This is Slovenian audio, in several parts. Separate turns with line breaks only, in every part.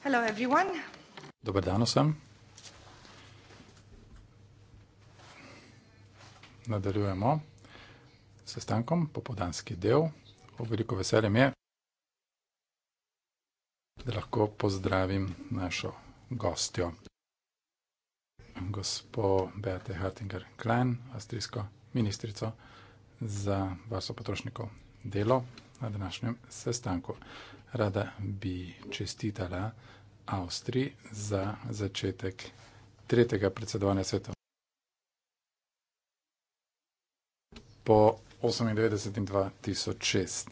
Hello everyone.
Dobar dan vsem. Nadaljujemo s sestankom, popodanski del. O veliko veselje mi je, da lahko pozdravim našo gostjo, gospo Beate Hartinger-Klein, avstrijsko ministrico za varstvo potrošnikov delo na današnjem sestanku. Rada bi čestitala Avstriji za začetek tretjega predsedovanja svetov. Po 98. in 2006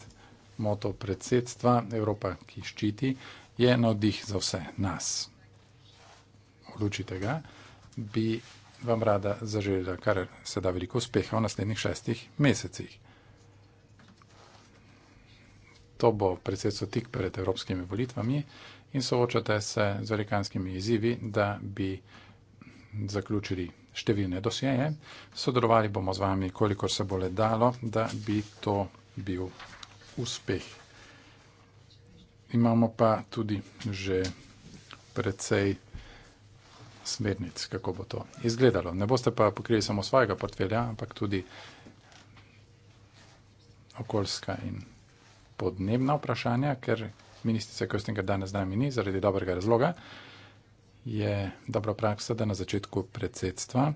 moto predsedstva Evropa, ki ščiti, je navdih za vse nas. V luči tega bi vam rada zaželjela kar se da veliko uspeha v naslednjih šestih mesecih to bo predsedstvo tik pred evropskimi volitvami in soočate se z velikanskimi izzivi, da bi zaključili številne dosjeje. Sodelovali bomo z vami, kolikor se bo le dalo, da bi to bil uspeh. Imamo pa tudi že precej smernic, kako bo to izgledalo. Ne boste pa pokrili samo svojega portfelja, ampak tudi okoljska in podnebna vprašanja, ker ministrice Kostinger danes z nami ni zaradi dobrega razloga, je dobra praksa, da na začetku predsedstva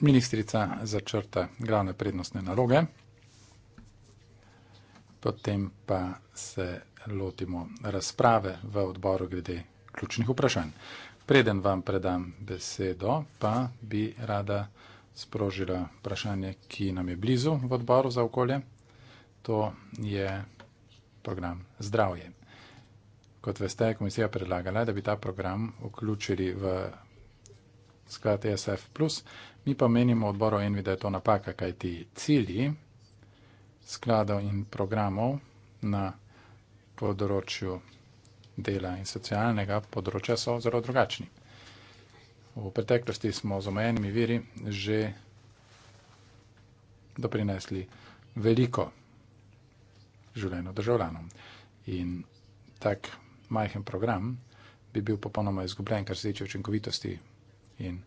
ministrica začrta glavne prednostne naloge, potem pa se lotimo razprave v odboru glede ključnih vprašanj. Preden vam predam besedo, pa bi rada sprožila vprašanje, ki nam je blizu v odboru za okolje. To je program Zdravje. Kot veste, je komisija predlagala, da bi ta program vključili v sklad ESF. Mi pa menimo odboru Envi, da je to napaka, kaj ti cilji skladov in programov na področju dela in socialnega področja so zelo drugačni. V preteklosti smo z omejenimi viri že doprinesli veliko življenju državljanom. In tak majhen program bi bil popolnoma izgubljen, kar se tiče učinkovitosti in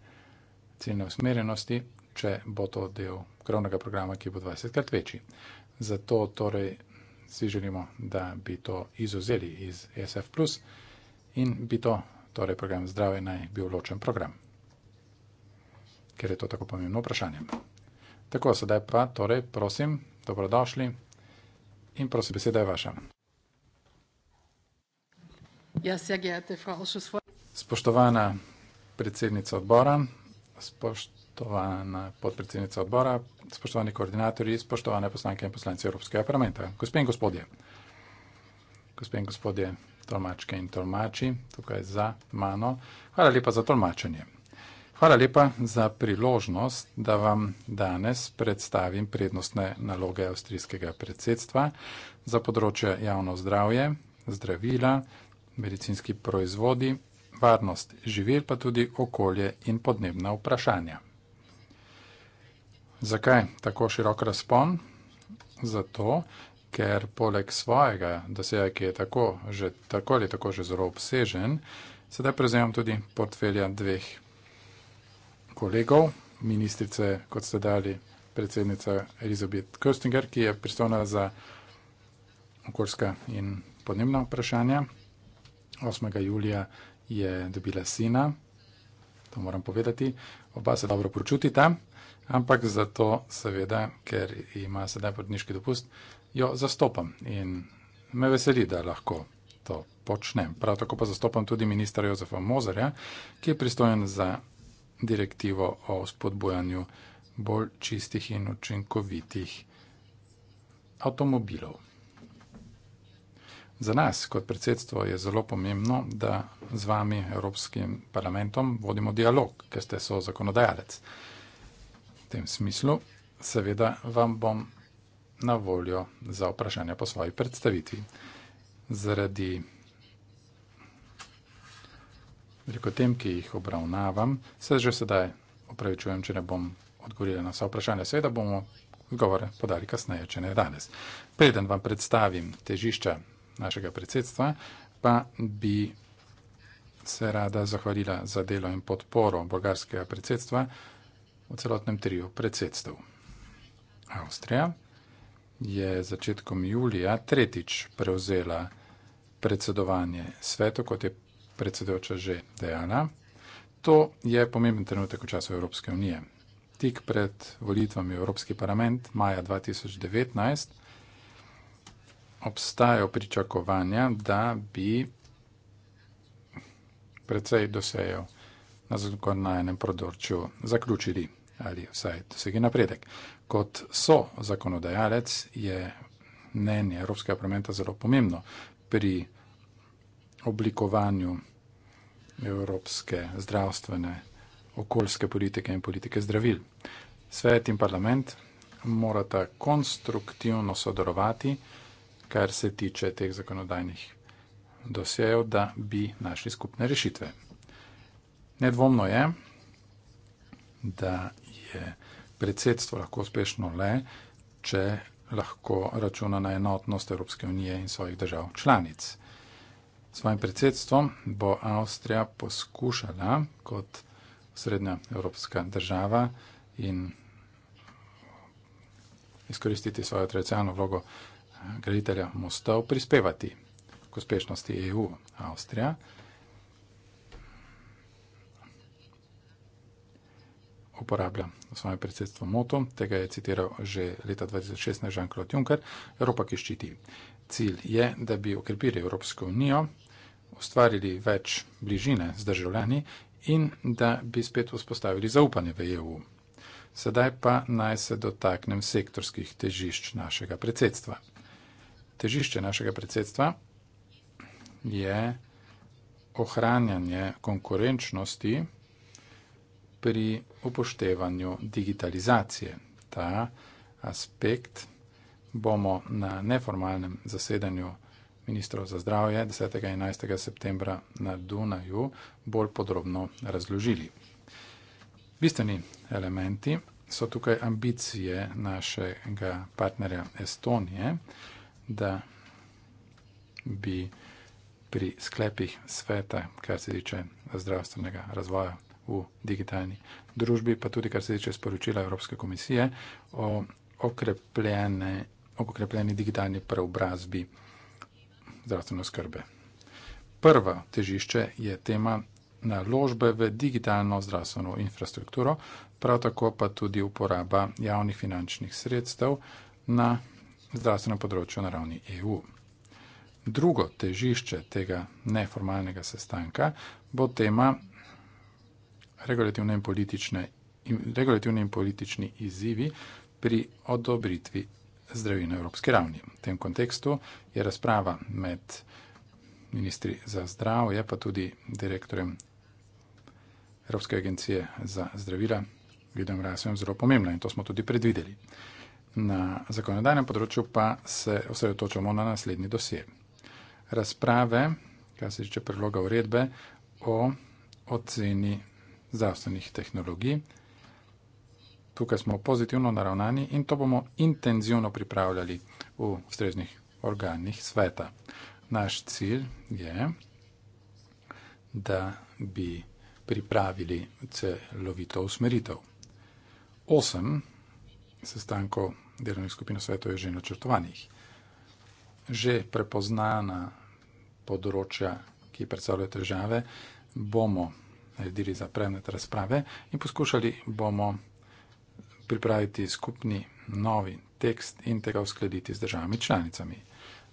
ciljne usmerjenosti, če bo to del krovnega programa, ki bo 20 krat večji. Zato torej si želimo, da bi to izuzeli iz e SF, in bi to, torej program zdravja, naj bil ločen program, ker je to tako pomembno vprašanje. Tako, sedaj pa, torej, prosim, dobrodošli. In prosim, beseda je vaša. Ja, spoštovana predsednica odbora, spoštovana podpredsednica odbora, spoštovani koordinatorji, spoštovane poslanke in poslanci Evropskega parlamenta, gospe in gospodje, gospe in gospodje, tolmačke in tolmači, tukaj za mano, hvala lepa za tolmačenje. Hvala lepa za priložnost, da vam danes predstavim prednostne naloge avstrijskega predsedstva za področje javno zdravje, zdravila, medicinski proizvodi, varnost živel, pa tudi okolje in podnebna vprašanja. Zakaj tako širok razpon? Zato, ker poleg svojega doseja, ki je tako, že, tako ali tako že zelo obsežen, sedaj prevzemam tudi portfelja dveh kolegov, ministrice, kot ste dali, predsednica Elizabet Köstinger, ki je pristojna za okoljska in podnebna vprašanja. 8. julija je dobila sina, to moram povedati, oba se dobro počutita, ampak zato seveda, ker ima sedaj porodniški dopust, jo zastopam in me veseli, da lahko to počnem. Prav tako pa zastopam tudi ministra Jozefa Mozarja, ki je pristojen za direktivo o spodbujanju bolj čistih in učinkovitih avtomobilov. Za nas kot predsedstvo je zelo pomembno, da z vami, Evropskim parlamentom, vodimo dialog, ker ste so zakonodajalec. V tem smislu seveda vam bom na voljo za vprašanja po svoji predstavitvi. Zaradi Veliko tem, ki jih obravnavam, se že sedaj opravičujem, če ne bom odgovorila na vsa vprašanja. Seveda bomo odgovore podali kasneje, če ne danes. Preden vam predstavim težišča našega predsedstva, pa bi se rada zahvalila za delo in podporo bolgarskega predsedstva v celotnem triju predsedstv. Avstrija je začetkom julija tretjič prevzela predsedovanje svetu, kot je predsedujoča že dejana. To je pomemben trenutek v času Evropske unije. Tik pred volitvami v Evropski parlament maja 2019 obstajajo pričakovanja, da bi predvsej dosejo na zakonodajnem področju zaključili ali vsaj dosegli napredek. Kot so zakonodajalec je mnenje Evropskega parlamenta zelo pomembno pri oblikovanju evropske zdravstvene, okoljske politike in politike zdravil. Svet in parlament morata konstruktivno sodelovati, kar se tiče teh zakonodajnih dosejev, da bi našli skupne rešitve. Nedvomno je, da je predsedstvo lahko uspešno le, če lahko računa na enotnost Evropske unije in svojih držav članic svojim predsedstvom bo Avstrija poskušala kot srednja evropska država in izkoristiti svojo tradicionalno vlogo eh, graditelja mostov, prispevati k uspešnosti EU Avstrija. uporablja v svojem predsedstvu moto, tega je citiral že leta 2016 Jean-Claude Juncker, Evropa, ki ščiti. Cilj je, da bi okrepili Evropsko unijo, ustvarili več bližine z državljani in da bi spet vzpostavili zaupanje v EU. Sedaj pa naj se dotaknem sektorskih težišč našega predsedstva. Težišče našega predsedstva je ohranjanje konkurenčnosti pri upoštevanju digitalizacije. Ta aspekt bomo na neformalnem zasedanju ministrov za zdravje 10. in 11. septembra na Dunaju bolj podrobno razložili. Bistveni elementi so tukaj ambicije našega partnerja Estonije, da bi pri sklepih sveta, kar se tiče zdravstvenega razvoja v digitalni družbi, pa tudi kar se tiče sporočila Evropske komisije o okrepljeni digitalni preobrazbi zdravstvene skrbe. Prva težišče je tema naložbe v digitalno zdravstveno infrastrukturo, prav tako pa tudi uporaba javnih finančnih sredstev na zdravstvenem področju na ravni EU. Drugo težišče tega neformalnega sestanka bo tema regulativne in politične, regulativne in politični izzivi pri odobritvi zdravil na evropski ravni. V tem kontekstu je razprava med ministri za zdravje, pa tudi direktorjem Evropske agencije za zdravila, vidim razvojem, zelo pomembna in to smo tudi predvideli. Na zakonodajnem področju pa se osredotočamo na naslednji dosje. Razprave, kar se tiče predloga uredbe o oceni zdravstvenih tehnologij, tukaj smo pozitivno naravnani in to bomo intenzivno pripravljali v ustreznih organih sveta. Naš cilj je, da bi pripravili celovito usmeritev. Osem sestankov delovnih skupin sveta je že načrtovanih. Že prepoznana področja, ki predstavljajo težave, bomo naredili za predmet razprave in poskušali bomo pripraviti skupni novi tekst in tega uskladiti z državami članicami.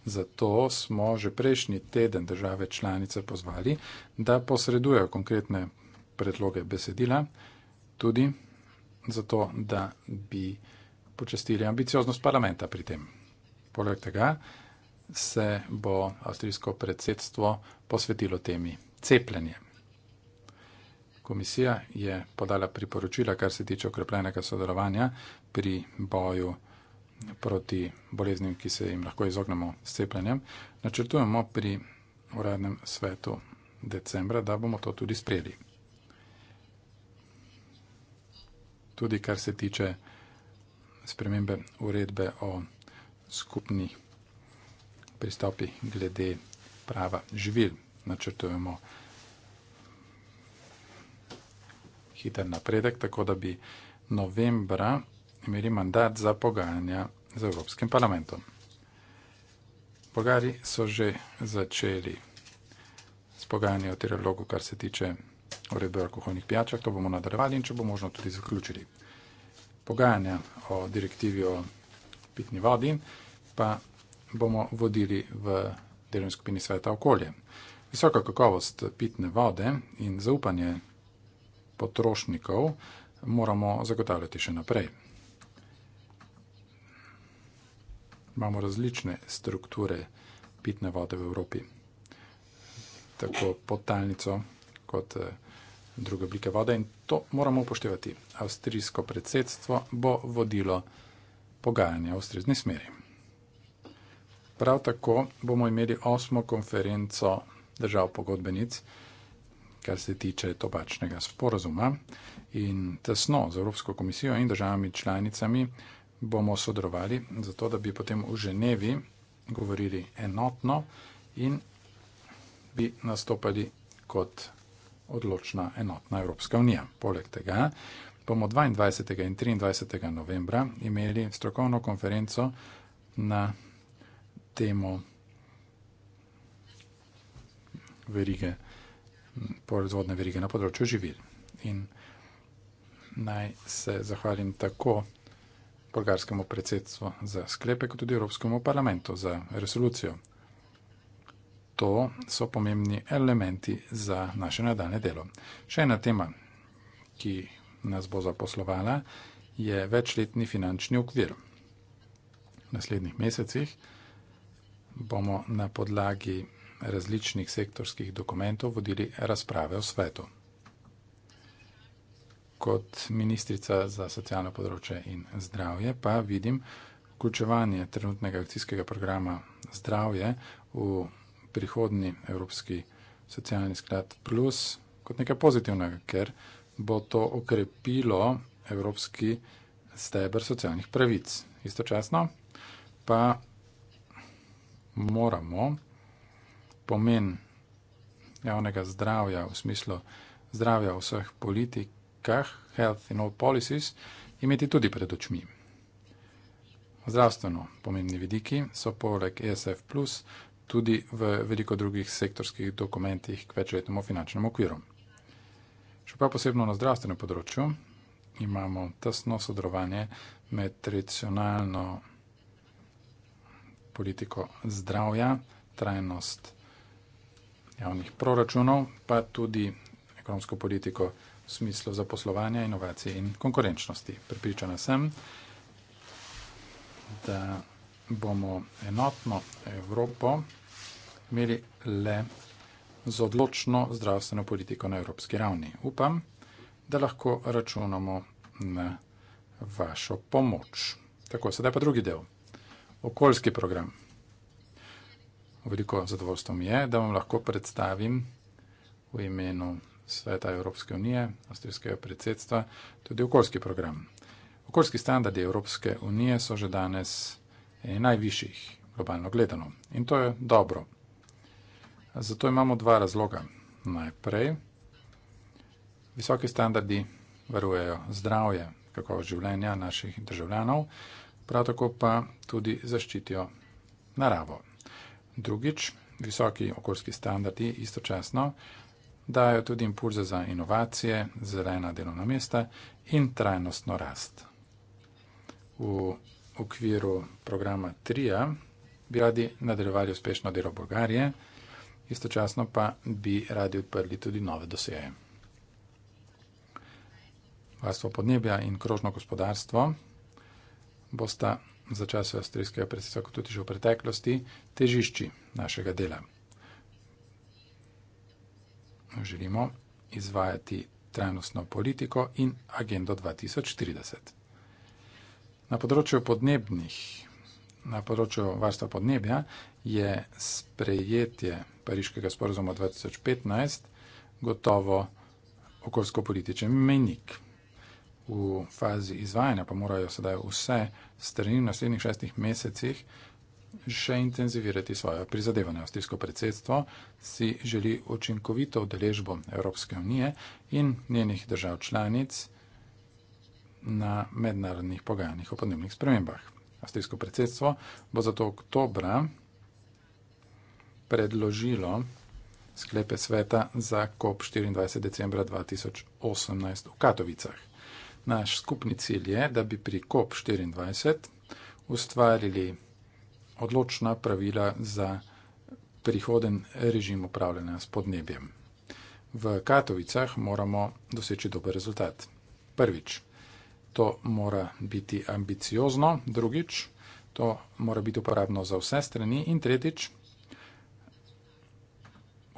Zato smo že prejšnji teden države članice pozvali, da posredujejo konkretne predloge besedila, tudi zato, da bi počestili ambicioznost parlamenta pri tem. Poleg tega se bo avstrijsko predsedstvo posvetilo temi cepljenjem. Komisija je podala priporočila, kar se tiče okrepljenega sodelovanja pri boju proti boleznim, ki se jim lahko izognemo s cepljenjem. Načrtujemo pri uradnem svetu decembra, da bomo to tudi sprejeli. Tudi kar se tiče spremembe uredbe o skupni pristopi glede prava živil, načrtujemo pri. hiter napredek, tako da bi novembra imeli mandat za pogajanja z Evropskim parlamentom. Bogari so že začeli s pogajanjem o trilogu, kar se tiče uredbe o alkoholnih pijačah, to bomo nadaljevali in če bo možno tudi zaključili. Pogajanja o direktivi o pitni vodi pa bomo vodili v delovni skupini sveta okolje. Visoka kakovost pitne vode in zaupanje potrošnikov moramo zagotavljati še naprej. Imamo različne strukture pitne vode v Evropi, tako podtalnico kot eh, druge oblike vode in to moramo upoštevati. Avstrijsko predsedstvo bo vodilo pogajanje v strezni smeri. Prav tako bomo imeli osmo konferenco držav pogodbenic, kar se tiče tobačnega sporozuma. In tesno z Evropsko komisijo in državami članicami bomo sodelovali, zato da bi potem v Ženevi govorili enotno in bi nastopali kot odločna enotna Evropska unija. Poleg tega bomo 22. in 23. novembra imeli strokovno konferenco na temo verige proizvodne verige na področju živil. In naj se zahvalim tako bolgarskemu predsedstvu za sklepe, kot tudi Evropskemu parlamentu za resolucijo. To so pomembni elementi za naše nadaljne delo. Še ena tema, ki nas bo zaposlovala, je večletni finančni okvir. V naslednjih mesecih bomo na podlagi različnih sektorskih dokumentov vodili razprave o svetu. Kot ministrica za socialno področje in zdravje pa vidim vključevanje trenutnega akcijskega programa zdravje v prihodni Evropski socialni sklad plus kot nekaj pozitivnega, ker bo to okrepilo Evropski steber socialnih pravic. Istočasno pa moramo pomen javnega zdravja v smislu zdravja v vseh politikah, health in all policies, imeti tudi pred očmi. Zdravstveno pomembni vidiki so poleg ESF plus tudi v veliko drugih sektorskih dokumentih k večletnemu finančnemu okviru. Še pa posebno na zdravstvenem področju imamo tesno sodelovanje med tradicionalno politiko zdravja, trajnost zdravja, javnih proračunov, pa tudi ekonomsko politiko v smislu zaposlovanja, inovacije in konkurenčnosti. Pripričana sem, da bomo enotno Evropo imeli le z odločno zdravstveno politiko na evropski ravni. Upam, da lahko računamo na vašo pomoč. Tako, sedaj pa drugi del. Okoljski program veliko zadovoljstvo mi je, da vam lahko predstavim v imenu Sveta Evropske unije, avstrijskega predsedstva, tudi okoljski program. Okoljski standardi Evropske unije so že danes eni najvišjih, globalno gledano. In to je dobro. Zato imamo dva razloga. Najprej, visoki standardi varujejo zdravje, kako življenja naših državljanov, prav tako pa tudi zaščitijo naravo. Drugič, visoki okoljski standardi istočasno dajo tudi impulze za inovacije, zelena delovna mesta in trajnostno rast. V okviru programa TRIA bi radi nadaljevali uspešno delo Bolgarije, istočasno pa bi radi odprli tudi nove doseje. Varstvo podnebja in krožno gospodarstvo bosta za čase avstrijskega predsedstva, kot tudi že v preteklosti, težišči našega dela. Želimo izvajati trajnostno politiko in agendo 2030. Na področju podnebnih, na področju varstva podnebja je sprejetje Pariškega sporozuma 2015 gotovo okoljsko-političen menik v fazi izvajanja, pa morajo sedaj vse strani v naslednjih šestih mesecih še intenzivirati svojo prizadevanje. Avstrijsko predsedstvo si želi učinkovito udeležbo Evropske unije in njenih držav članic na mednarodnih pogajanjih o podnebnih spremembah. Avstrijsko predsedstvo bo zato oktobra predložilo sklepe sveta za COP24 decembra 2018 v Katovicah. Naš skupni cilj je, da bi pri COP24 ustvarili odločna pravila za prihoden režim upravljanja s podnebjem. V Katovicah moramo doseči dober rezultat. Prvič, to mora biti ambiciozno, drugič, to mora biti uporabno za vse strani in tretjič,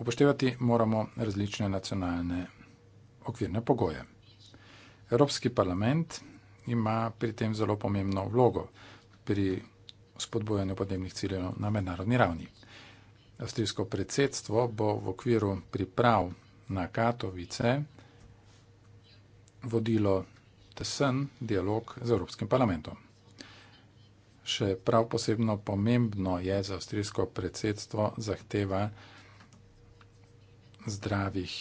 upoštevati moramo različne nacionalne okvirne pogoje. Evropski parlament ima pri tem zelo pomembno vlogo pri spodbojanju podnebnih ciljev na mednarodni ravni. Avstrijsko predsedstvo bo v okviru priprav na Katovice vodilo tesen dialog z Evropskim parlamentom. Še prav posebno pomembno je za avstrijsko predsedstvo zahteva zdravih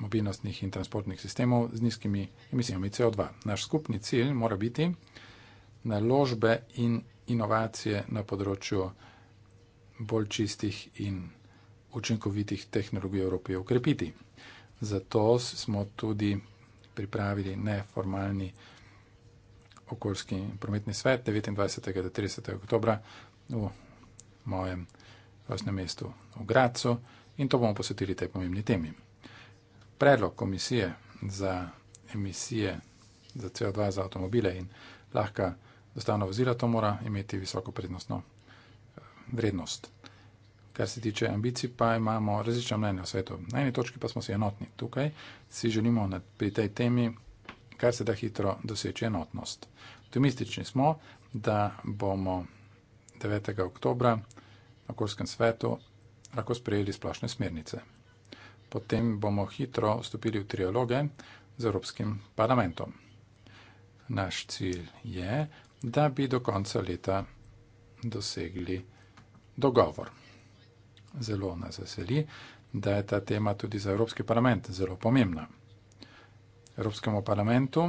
mobilnostnih in transportnih sistemov z nizkimi emisijami CO2. Naš skupni cilj mora biti naložbe in inovacije na področju bolj čistih in učinkovitih tehnologij Evropi ukrepiti. Zato smo tudi pripravili neformalni okoljski prometni svet 29. do 30. oktobra v mojem vlastnem mestu v Gracu in to bomo posvetili tej pomembni temi predlog komisije za emisije za CO2 za avtomobile in lahka dostavna vozila, to mora imeti visoko prednostno eh, vrednost. Kar se tiče ambicij, pa imamo različna mnenja v svetu. Na eni točki pa smo si enotni. Tukaj si želimo na, pri tej temi kar se da hitro doseči enotnost. Optimistični smo, da bomo 9. oktobra na okoljskem svetu lahko sprejeli splošne smernice potem bomo hitro vstopili v trialoge z Evropskim parlamentom. Naš cilj je, da bi do konca leta dosegli dogovor. Zelo nas veseli, da je ta tema tudi za Evropski parlament zelo pomembna. Evropskemu parlamentu,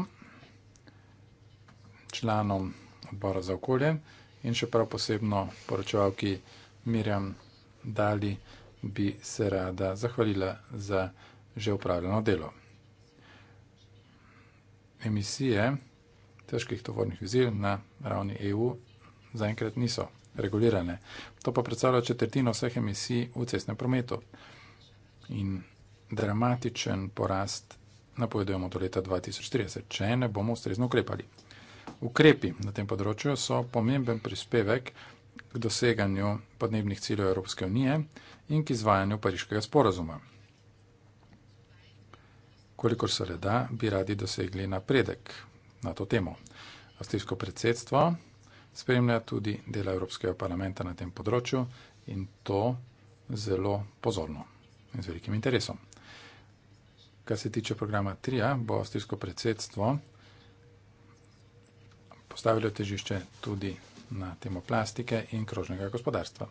članom odbora za okolje in še prav posebno poročevalki Mirjam Dali, bi se rada zahvalila za že upravljeno delo. Emisije težkih tovornih vizil na ravni EU zaenkrat niso regulirane. To pa predstavlja četrtino vseh emisij v cestnem prometu in dramatičen porast napovedujemo do leta 2030, če ne bomo ustrezno ukrepali. Ukrepi na tem področju so pomemben prispevek k doseganju podnebnih ciljev Evropske unije in k izvajanju pariškega sporazuma. Kolikor se le da, bi radi dosegli napredek na to temo. Avstrijsko predsedstvo spremlja tudi dela Evropskega parlamenta na tem področju in to zelo pozorno in z velikim interesom. Kar se tiče programa TRIA, bo avstrijsko predsedstvo postavilo težišče tudi na temo plastike in krožnega gospodarstva.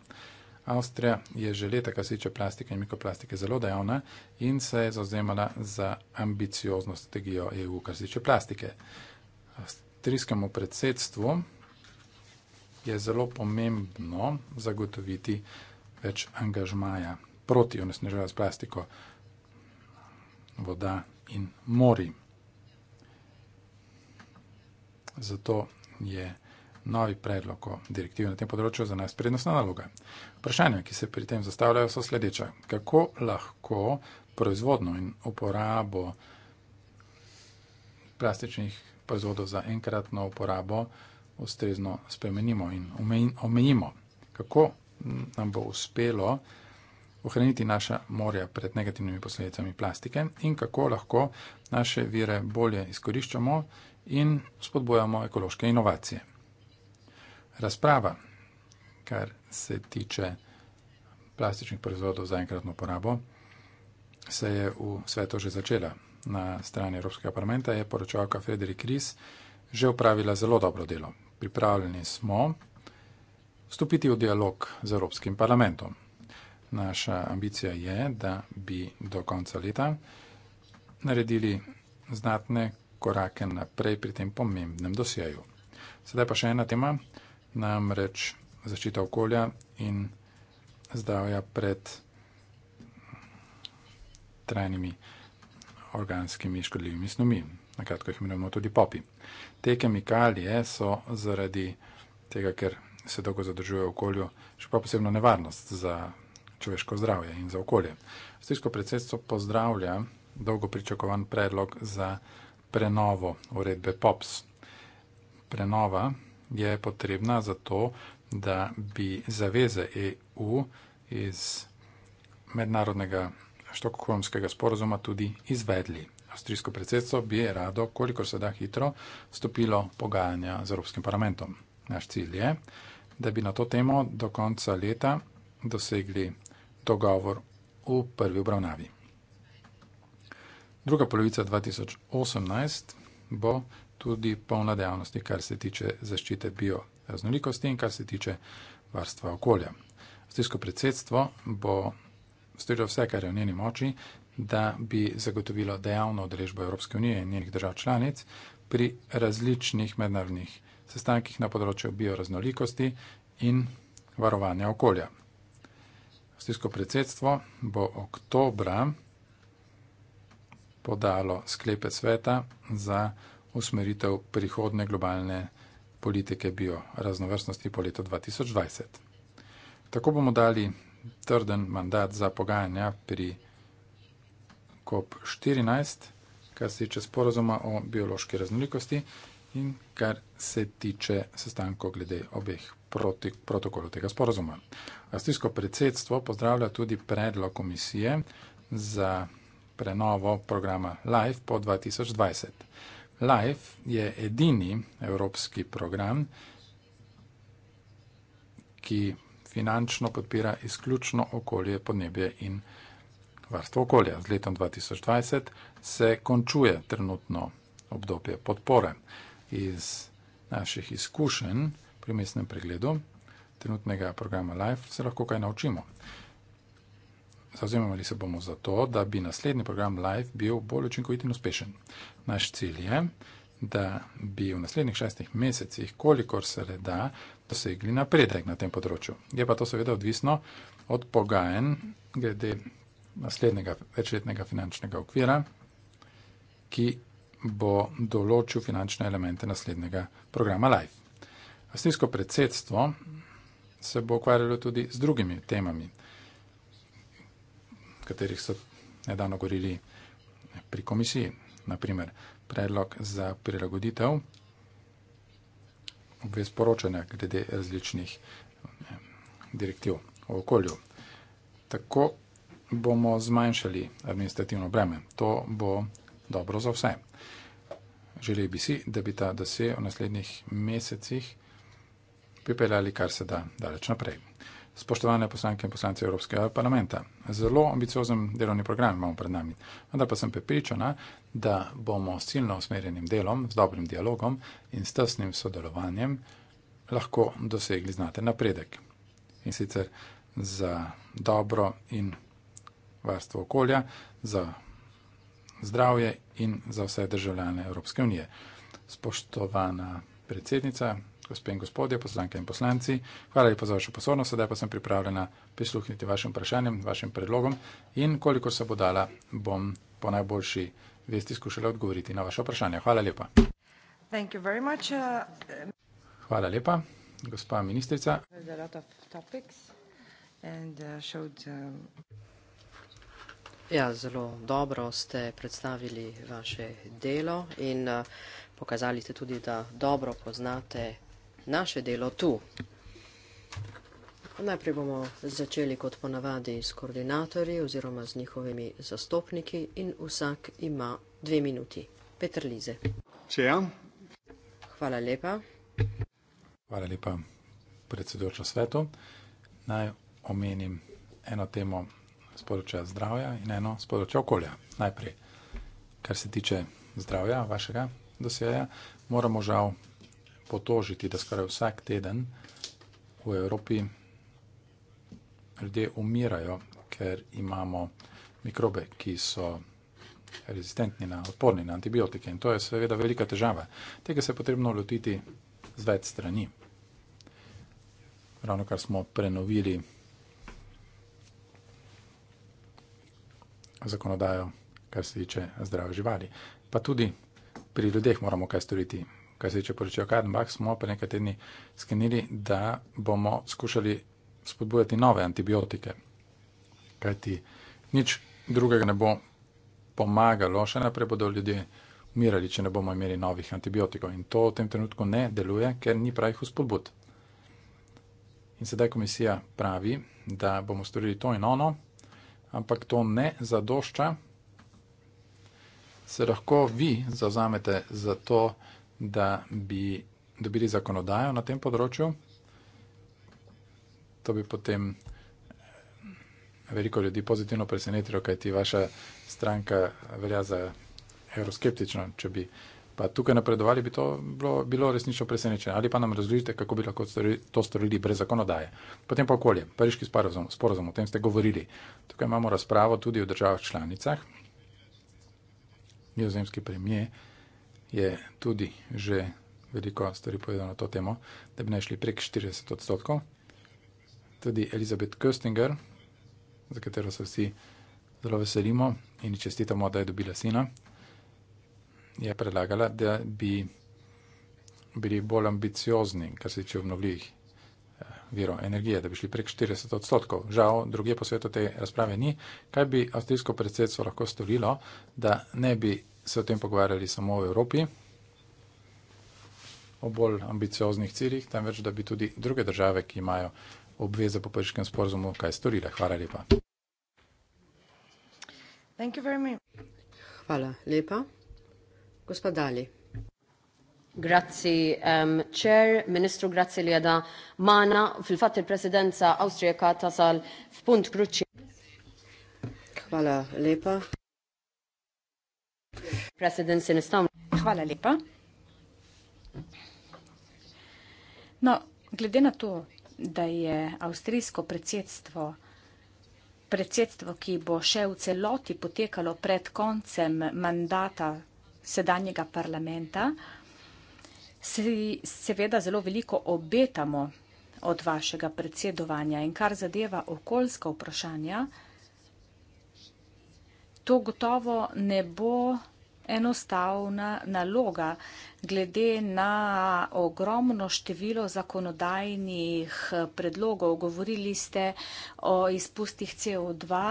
Avstrija je že leta, kar se tiče plastike in mikroplastike, zelo dejavna in se je zauzemala za ambiciozno strategijo EU, kar se tiče plastike. Avstrijskemu predsedstvu je zelo pomembno zagotoviti več angažmaja proti onesnaževanju s plastiko, voda in mori. Zato je novi predlog o direktivi na tem področju za nas prednostna naloga. Vprašanja, ki se pri tem zastavljajo, so sledeča. Kako lahko proizvodno in uporabo plastičnih proizvodov za enkratno uporabo ustrezno spremenimo in omenimo? Kako nam bo uspelo ohraniti naša morja pred negativnimi posledicami plastike in kako lahko naše vire bolje izkoriščamo in spodbojamo ekološke inovacije? razprava, kar se tiče plastičnih proizvodov za enkratno uporabo, se je v svetu že začela. Na strani Evropskega parlamenta je poročavka Frederik Ries že upravila zelo dobro delo. Pripravljeni smo vstopiti v dialog z Evropskim parlamentom. Naša ambicija je, da bi do konca leta naredili znatne korake naprej pri tem pomembnem dosjeju. Sedaj pa še ena tema namreč zaščita okolja in zdravja pred trajnimi organskimi škodljivimi snovmi. Na kratko jih imenujemo tudi popi. Te kemikalije so zaradi tega, ker se dolgo zadržuje v okolju, še pa posebno nevarnost za človeško zdravje in za okolje. Avstrijsko predsedstvo pozdravlja dolgo pričakovan predlog za prenovo uredbe POPS. Prenova je potrebna zato, da bi zaveze EU iz mednarodnega štokholmskega sporozuma tudi izvedli. Avstrijsko predsedstvo bi rado, kolikor se da hitro, stopilo pogajanja z Evropskim parlamentom. Naš cilj je, da bi na to temo do konca leta dosegli dogovor v prvi obravnavi. Druga polovica 2018 bo tudi polna dejavnosti, kar se tiče zaščite bioraznolikosti in kar se tiče varstva okolja. Avstrijsko predsedstvo bo storilo vse, kar je v njeni moči, da bi zagotovilo dejavno odrežbo Evropske unije in njenih držav članic pri različnih mednarodnih sestankih na področju bioraznolikosti in varovanja okolja. Avstrijsko predsedstvo bo oktobra podalo sklepe sveta za usmeritev prihodne globalne politike bio raznovrstnosti po letu 2020. Tako bomo dali trden mandat za pogajanja pri COP14, kar se tiče sporozuma o biološki raznolikosti in kar se tiče sestanko glede obeh proti, protokolov tega sporozuma. Avstrijsko predsedstvo pozdravlja tudi predlog komisije za prenovo programa LIFE po 2020. LIFE je edini evropski program, ki finančno podpira izključno okolje, podnebje in varstvo okolja. Z letom 2020 se končuje trenutno obdobje podpore. Iz naših izkušenj pri mestnem pregledu trenutnega programa LIFE se lahko kaj naučimo. Zauzemali se bomo za to, da bi naslednji program Live bil bolj učinkovit in uspešen. Naš cilj je, da bi v naslednjih šestih mesecih, kolikor se le da, dosegli napredek na tem področju. Je pa to seveda odvisno od pogajen glede naslednjega večletnega finančnega okvira, ki bo določil finančne elemente naslednjega programa Live. Avstrijsko predsedstvo se bo ukvarjalo tudi z drugimi temami katerih so nedavno govorili pri komisiji. Naprimer, predlog za prilagoditev obvez poročanja glede različnih direktiv o okolju. Tako bomo zmanjšali administrativno breme. To bo dobro za vse. Želeli bi si, da bi ta dosje v naslednjih mesecih pripeljali kar se da daleč naprej spoštovane poslanke in poslanci Evropskega parlamenta. Zelo ambiciozen delovni program imamo pred nami, vendar pa sem pripričana, da bomo s ciljno usmerjenim delom, z dobrim dialogom in s tesnim sodelovanjem lahko dosegli znate napredek. In sicer za dobro in varstvo okolja, za zdravje in za vse državljane Evropske unije. Spoštovana predsednica, gospe in gospodje, poslanke in poslanci. Hvala lepa za vašo pozornost, sedaj pa sem pripravljena prisluhniti vašim vprašanjem, vašim predlogom in koliko se bo dala, bom po najboljši vesti skušala odgovoriti na vaše vprašanje. Hvala lepa. Uh, Hvala lepa, gospa ministrica.
Uh, uh, ja, zelo dobro ste predstavili vaše delo in pokazali ste tudi, da dobro poznate naše delo tu. Najprej bomo začeli kot ponavadi s koordinatorji oziroma z njihovimi zastopniki in vsak ima dve minuti. Petr Lize. Če ja. Hvala lepa.
Hvala lepa predsedujočo svetu. Naj omenim eno temo z področja zdravja in eno z področja okolja. Najprej, kar se tiče zdravja vašega dosjeja, moramo žal potožiti, da skoraj vsak teden v Evropi ljudje umirajo, ker imamo mikrobe, ki so rezistentni na odporni na antibiotike. In to je seveda velika težava. Tega se je potrebno lotiti z več strani. Ravno kar smo prenovili zakonodajo, kar se tiče zdrave živali. Pa tudi pri ljudeh moramo kaj storiti kar se tiče poročila Kardenbach, smo pa nekaj tedni sklenili, da bomo skušali spodbujati nove antibiotike. Kajti nič drugega ne bo pomagalo, še naprej bodo ljudje umirali, če ne bomo imeli novih antibiotikov. In to v tem trenutku ne deluje, ker ni pravih vzpodbud. In sedaj komisija pravi, da bomo storili to in ono, ampak to ne zadošča. Se lahko vi zauzamete za to, da da bi dobili zakonodajo na tem področju. To bi potem eh, veliko ljudi pozitivno presenetilo, kajti vaša stranka velja za euroskeptično. Če bi pa tukaj napredovali, bi to bilo, bilo resnično presenečenje. Ali pa nam razložite, kako bi lahko to storili brez zakonodaje. Potem pa okolje, pariški sporozum, sporozum, o tem ste govorili. Tukaj imamo razpravo tudi v državah članicah. Nizozemski premijer je tudi že veliko stvari povedalo na to temo, da bi našli prek 40 odstotkov. Tudi Elizabeth Köstinger, za katero se vsi zelo veselimo in čestitamo, da je dobila sina, je predlagala, da bi bili bolj ambiciozni, kar se tiče obnovljivih eh, virov energije, da bi šli prek 40 odstotkov. Žal, druge po svetu te razprave ni. Kaj bi avstrijsko predsedstvo lahko storilo, da ne bi se o tem pogovarjali samo v Evropi, o bolj ambicioznih ciljih, temveč da bi tudi druge države, ki imajo obveze po pariškem sporozumu, kaj storile. Hvala lepa.
Hvala lepa. Gospod Dali. Grazie, um, Chair, Ministro, grazie Leda. Mana, fil fatil presidenca Austrija Katasal, v punt kruči. Hvala lepa.
Hvala lepa. No, glede na to, da je avstrijsko predsedstvo predsedstvo, ki bo še v celoti potekalo pred koncem mandata sedanjega parlamenta, si seveda zelo veliko obetamo od vašega predsedovanja in kar zadeva okoljska vprašanja, to gotovo ne bo enostavna naloga, glede na ogromno število zakonodajnih predlogov. Govorili ste o izpustih CO2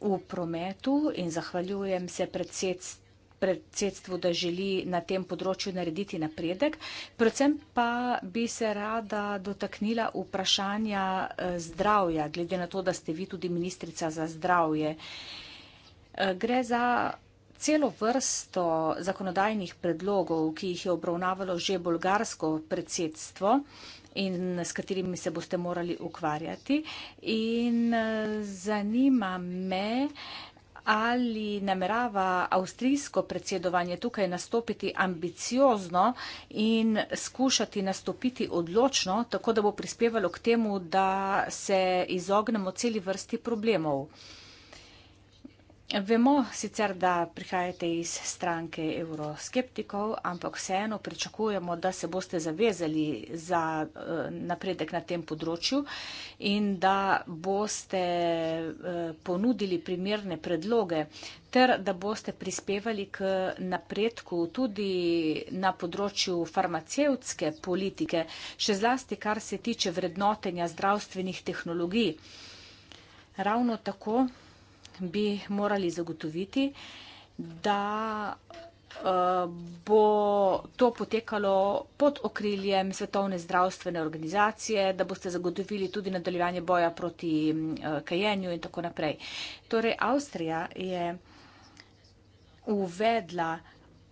v prometu in zahvaljujem se predsedstvu predsedstvu, da želi na tem področju narediti napredek. Predvsem pa bi se rada dotaknila vprašanja eh, zdravja, glede na to, da ste vi tudi ministrica za zdravje. Eh, gre za celo vrsto zakonodajnih predlogov, ki jih je obravnavalo že bolgarsko predsedstvo in s katerimi se boste morali ukvarjati. In eh, zanima me, ali namerava avstrijsko predsedovanje tukaj nastopiti ambiciozno in skušati nastopiti odločno, tako da bo prispevalo k temu, da se izognemo celi vrsti problemov. Vemo sicer, da prihajate iz stranke euroskeptikov, ampak vseeno pričakujemo, da se boste zavezali za eh, napredek na tem področju in da boste eh, ponudili primerne predloge ter da boste prispevali k napredku tudi na področju farmacevtske politike, še zlasti kar se tiče vrednotenja zdravstvenih tehnologij. Ravno tako bi morali zagotoviti, da eh, bo to potekalo pod okriljem Svetovne zdravstvene organizacije, da boste zagotovili tudi nadaljevanje boja proti mm, eh, kajenju in tako naprej. Torej, Avstrija je uvedla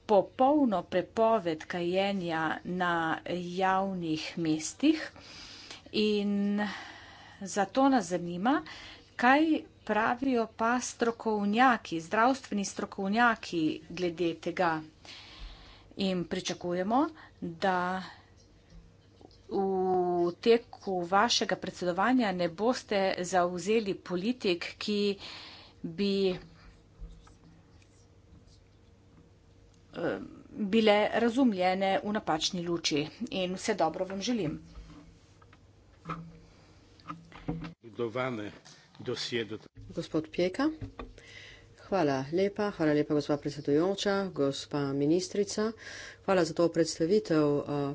popolno prepoved kajenja na javnih mestih in zato nas zanima, kaj pravijo pa strokovnjaki, zdravstveni strokovnjaki glede tega. In pričakujemo, da v teku vašega predsedovanja ne boste zauzeli politik, ki bi eh, bile razumljene v napačni luči. In vse dobro vam želim.
Dovane dosje.
Gospod Pjeka. Hvala
lepa, hvala lepa gospa predsedujoča, gospa ministrica. Hvala za to predstavitev eh,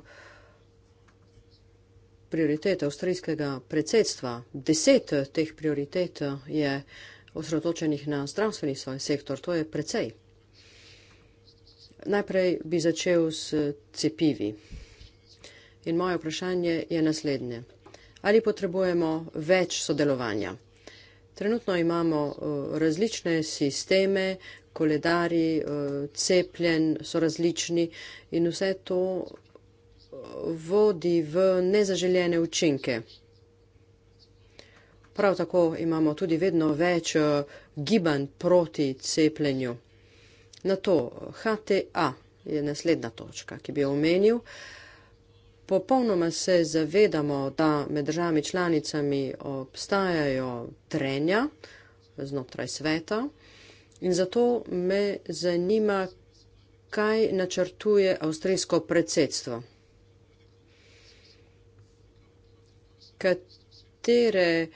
prioritet avstrijskega predsedstva. Deset eh, teh prioritet eh, je osredotočenih na zdravstveni svoj sektor, to je precej. Najprej bi začel s cepivi. In moje vprašanje je naslednje. Ali potrebujemo več sodelovanja? Trenutno imamo eh, različne sisteme, koledari, eh, cepljen so različni in vse to eh, vodi v nezaželjene učinke. Prav tako imamo tudi vedno več gibanj proti cepljenju. Na to HTA je naslednja točka, ki bi jo omenil popolnoma se zavedamo, da med državami članicami obstajajo trenja znotraj sveta in zato me zanima, kaj načrtuje avstrijsko predsedstvo. Katere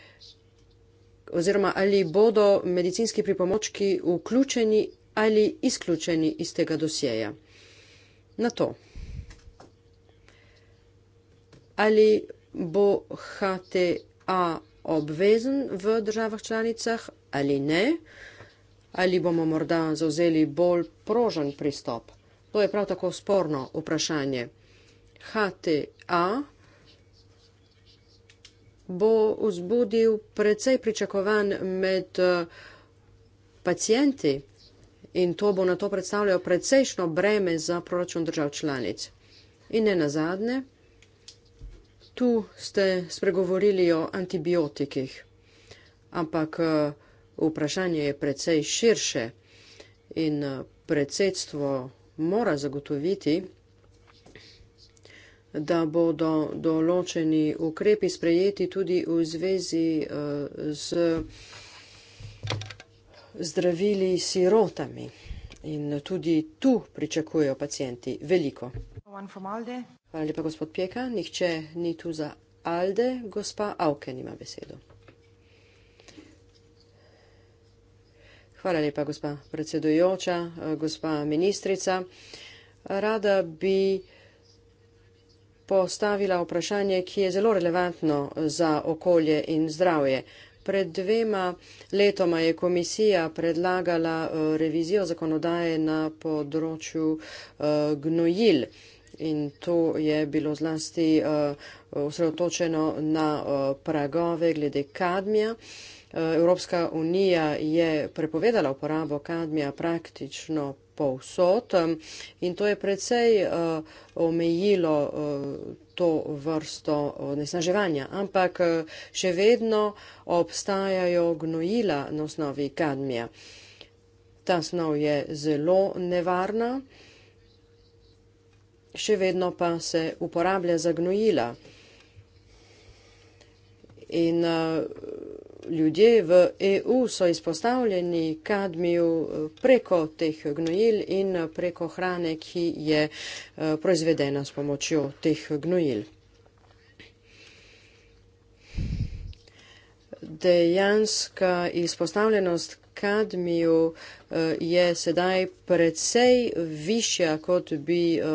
oziroma ali bodo medicinski pripomočki vključeni ali izključeni iz tega dosjeja? Na to ali bo HTA obvezen v državah članicah ali ne, ali bomo morda zauzeli bolj prožen pristop. To je prav tako sporno vprašanje. HTA bo vzbudil precej pričakovan med eh, pacijenti in to bo na to predstavljalo precejšno breme za proračun držav članic. In ne nazadnje tu ste spregovorili o antibiotikih, ampak eh, vprašanje je precej širše in eh, predsedstvo mora zagotoviti, da bodo določeni ukrepi sprejeti tudi v zvezi eh, z zdravili sirotami. In tudi tu pričakujejo pacijenti veliko. Hvala lepa, gospod Pjeka. Nihče ni tu za Alde, gospa Avke nima besedo. Hvala lepa, gospa predsedujoča, gospa ministrica. Rada bi postavila vprašanje, ki je zelo relevantno za okolje in zdravje. Pred dvema letoma je komisija predlagala eh, revizijo zakonodaje na področju eh, gnojil in to je bilo zlasti eh, osredotočeno uh, na uh, pragove glede kadmija. Uh, Evropska unija je prepovedala uporabo kadmija praktično povsod um, in to je precej uh, omejilo uh, to vrsto onesnaževanja. Ampak še vedno obstajajo gnojila na osnovi kadmija. Ta snov je zelo nevarna še vedno pa se uporablja za gnojila. In uh, ljudje v EU so izpostavljeni kadmiju uh, preko teh gnojil in uh, preko hrane, ki je proizvedena s pomočjo teh gnojil. Dejanska izpostavljenost kadmiju uh, je sedaj predvsej višja, kot, bi, eh,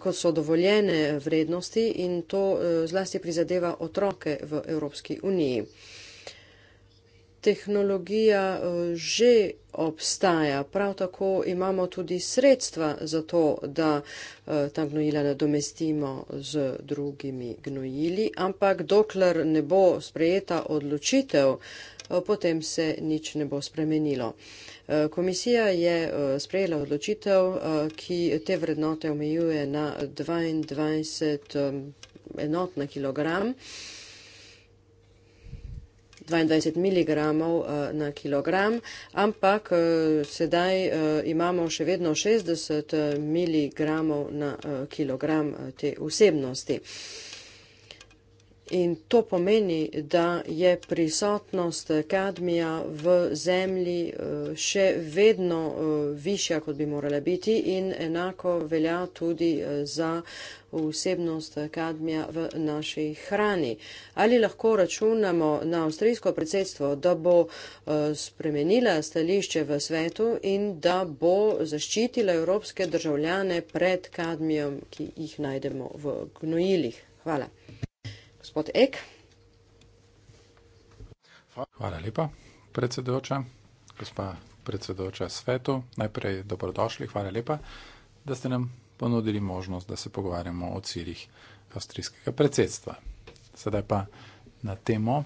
kot so dovoljene vrednosti in to eh, zlasti prizadeva otroke v Evropski uniji. Tehnologija eh, že obstaja, prav tako imamo tudi sredstva za to, da ta gnojila nadomestimo z drugimi gnojili, ampak dokler ne bo sprejeta odločitev, Eh, potem se nič ne bo spremenilo. Eh, komisija je eh, sprejela odločitev, ki te vrednote omejuje na 22 enot na kilogram. 22 mg na kilogram, ampak sedaj imamo še vedno 60 mg na kilogram te vsebnosti. In to pomeni, da je prisotnost kadmija v zemlji eh, še vedno eh, višja, kot bi morala biti, in enako velja tudi eh, za vsebnost kadmija v naši hrani. Ali lahko računamo na avstrijsko predsedstvo, da bo spremenila stališče v svetu in da bo zaščitila evropske državljane pred kadmijem, ki jih najdemo v gnojilih? Hvala gospod Ek.
Hvala lepa, predsedoča. Gospa predsedoča svetu, najprej dobrodošli, hvala lepa, da ste nam ponudili možnost, da se pogovarjamo o ciljih avstrijskega predsedstva. Sedaj pa na temo,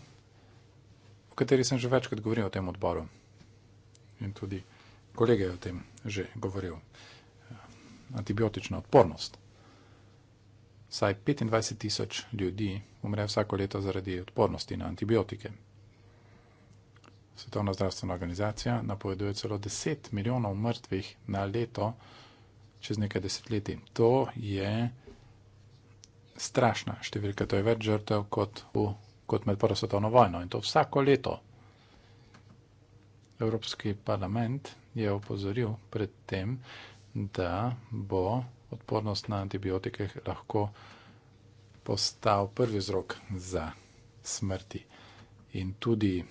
o kateri sem že večkrat govoril o tem odboru in tudi kolege je o tem že govoril. Antibiotična odpornost. Saj 25 tisoč ljudi umre vsako leto zaradi odpornosti na antibiotike. Svetovna zdravstvena organizacija napoveduje celo 10 milijonov mrtvih na leto čez nekaj desetletij. To je strašna številka, to je več žrtev kot, v, kot med prvo svetovno vojno in to vsako leto. Evropski parlament je opozoril pred tem, da bo odpornost na antibiotike lahko postal prvi vzrok za smrti. In tudi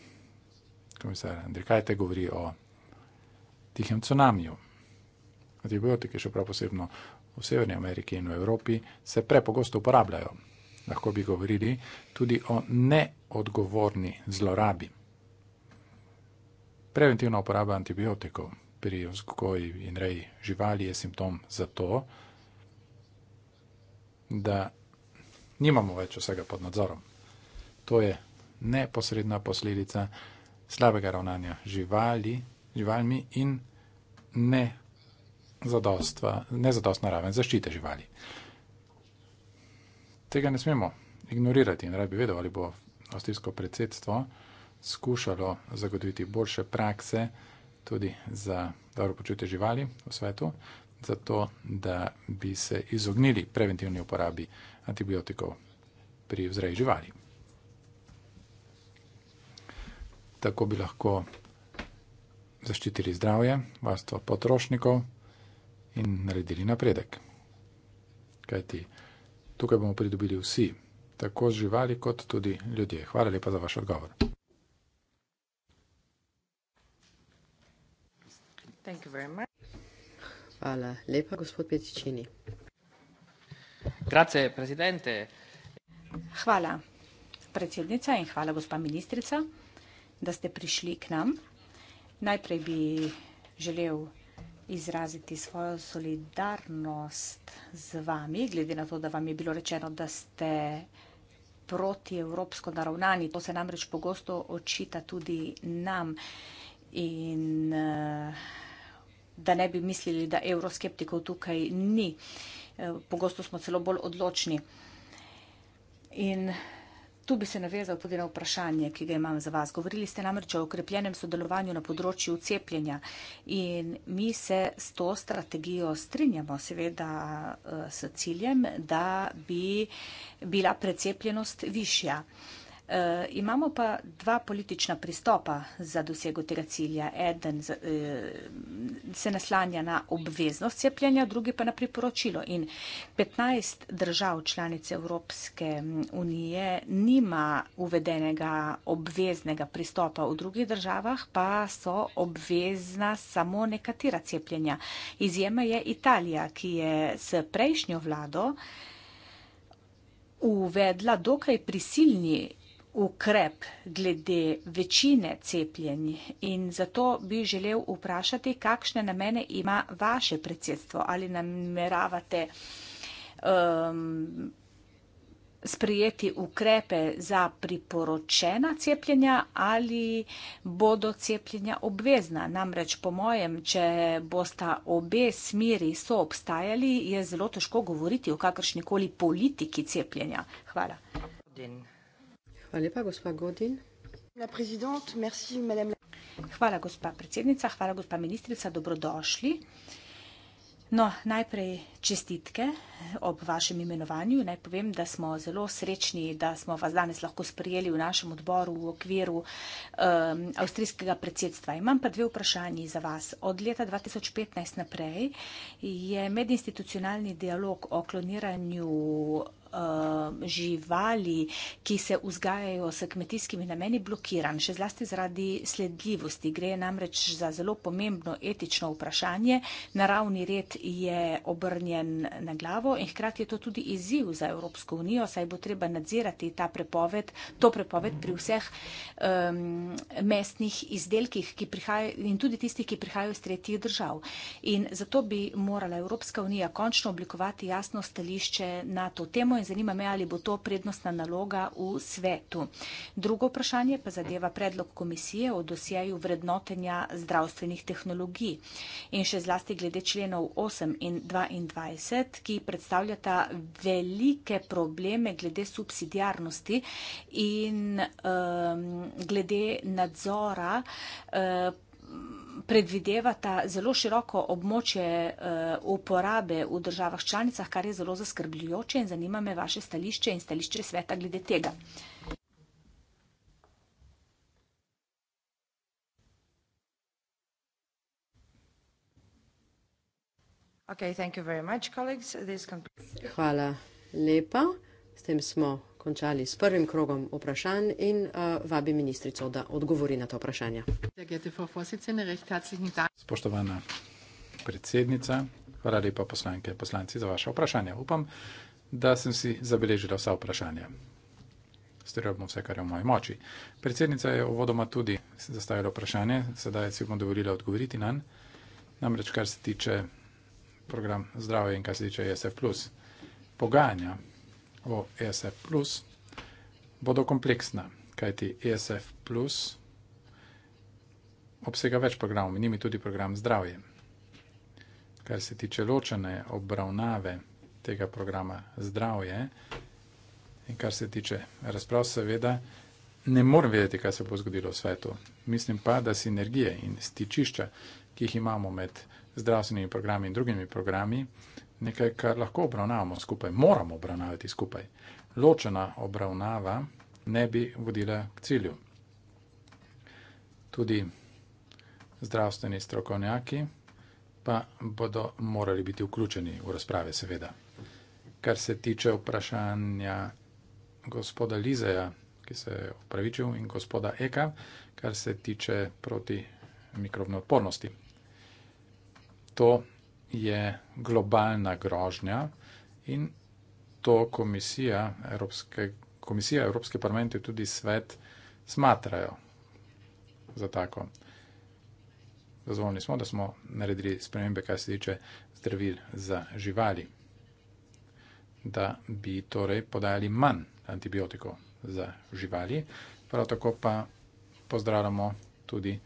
komisar Andrikajte govori o tihem tsunamiju. Antibiotike, še prav posebno v Severni Ameriki in v Evropi, se prepogosto uporabljajo. Lahko bi govorili tudi o neodgovorni zlorabi. Preventivna uporaba antibiotikov pri vzgoji in reji živali je simptom za to, da da nimamo več vsega pod nadzorom. To je neposredna posledica slabega ravnanja živali, živalmi in nezadostna raven zaščite živali. Tega ne smemo ignorirati in rad bi vedel, ali bo avstrijsko predsedstvo skušalo zagotoviti boljše prakse tudi za dobro počutje živali v svetu zato, da bi se izognili preventivni uporabi antibiotikov pri vzreji živali. Tako bi lahko zaščitili zdravje, varstvo potrošnikov in naredili napredek. Kajti tukaj bomo pridobili vsi, tako živali kot tudi ljudje. Hvala lepa za vaš odgovor. Thank you very
much.
Hvala lepa, gospod Peticini. Grazie,
presidente. Hvala, predsednica in hvala, gospa ministrica, da ste prišli k nam. Najprej bi želel izraziti svojo solidarnost z vami, glede na to, da vam je bilo rečeno, da ste proti evropsko naravnani. To se namreč pogosto očita tudi nam in uh, da ne bi mislili, da evroskeptikov tukaj ni. Eh, pogosto smo celo bolj odločni. In tu bi se navezal tudi na vprašanje, ki ga imam za vas. Govorili ste namreč o ukrepljenem sodelovanju na področju cepljenja in mi se s to strategijo strinjamo, seveda eh, s ciljem, da bi bila precepljenost višja. Eh, imamo pa dva politična pristopa za dosego tega cilja. Eden eh, se naslanja na obveznost cepljenja, drugi pa na priporočilo. In 15 držav članice Evropske mm, unije nima uvedenega obveznega pristopa, v drugih državah pa so obvezna samo nekatera cepljenja. Izjema je Italija, ki je s prejšnjo vlado uvedla dokaj prisilni ukrep glede večine cepljenj in zato bi želel vprašati, kakšne namene ima vaše predsedstvo ali nameravate um, sprijeti ukrepe za priporočena cepljenja ali bodo cepljenja obvezna. Namreč po mojem, če bosta obe smeri so obstajali, je zelo težko govoriti o kakršnikoli politiki cepljenja. Hvala. Den. Hvala, gospa predsednica, hvala, gospa ministrica, dobrodošli. No, najprej čestitke ob vašem imenovanju. Naj povem, da smo zelo srečni, da smo vas danes lahko sprijeli v našem odboru v okviru um, avstrijskega predsedstva. Imam pa dve vprašanji za vas. Od leta 2015 naprej je medinstitucionalni dialog o kloniranju Um, živali, ki se vzgajajo s kmetijskimi nameni, blokiran, še zlasti zaradi sledljivosti. Gre namreč za zelo pomembno etično vprašanje. Naravni red je obrnjen na glavo in hkrati je to tudi izziv za Evropsko unijo, saj bo treba nadzirati prepoved, to prepoved pri vseh um, mestnih izdelkih in tudi tistih, ki prihajajo iz tretjih držav. In zato bi morala Evropska unija končno oblikovati jasno stališče na to temo in zanima me, ali bo to prednostna naloga v svetu. Drugo vprašanje pa zadeva predlog komisije o dosjeju vrednotenja zdravstvenih tehnologij in še zlasti glede členov 8 in 22, ki predstavljata velike probleme glede subsidijarnosti in um, glede nadzora. Um, predvidevata zelo široko območje eh, uporabe v državah članicah, kar je zelo zaskrbljujoče in zanima me vaše stališče in stališče sveta glede tega.
Hvala lepa. S tem smo končali s prvim krogom vprašanj in uh, vabi ministrico, da odgovori na to vprašanje.
Spoštovana predsednica, hvala lepa poslanke in poslanci za vaše vprašanje. Upam, da sem si zabeležila vsa vprašanja. Storil bom vse, kar je v moji moči. Predsednica je uvodoma tudi zastavila vprašanje, sedaj si bom dovolila odgovoriti na nj. Namreč, kar se tiče program zdravja in kar se tiče ESF, pogajanja o ESF, bodo kompleksna, kajti ESF obsega več programov, med njimi tudi program zdravje. Kar se tiče ločene obravnave tega programa zdravje in kar se tiče razprav, seveda ne morem vedeti, kaj se bo zgodilo v svetu. Mislim pa, da sinergije in stičišča, ki jih imamo med zdravstvenimi programi in drugimi programi, nekaj, kar lahko obravnavamo skupaj, moramo obravnavati skupaj. Ločena obravnava ne bi vodila k cilju. Tudi zdravstveni strokovnjaki pa bodo morali biti vključeni v razprave, seveda. Kar se tiče vprašanja gospoda Lizeja, ki se je upravičil, in gospoda Eka, kar se tiče proti mikrobno odpornosti. To je globalna grožnja in to komisija, Evropske, komisija, Evropski parlament in tudi svet smatrajo za tako. Zadovoljni smo, da smo naredili spremembe, kar se tiče zdravil za živali, da bi torej podajali manj antibiotikov za živali. Prav tako pa pozdravljamo tudi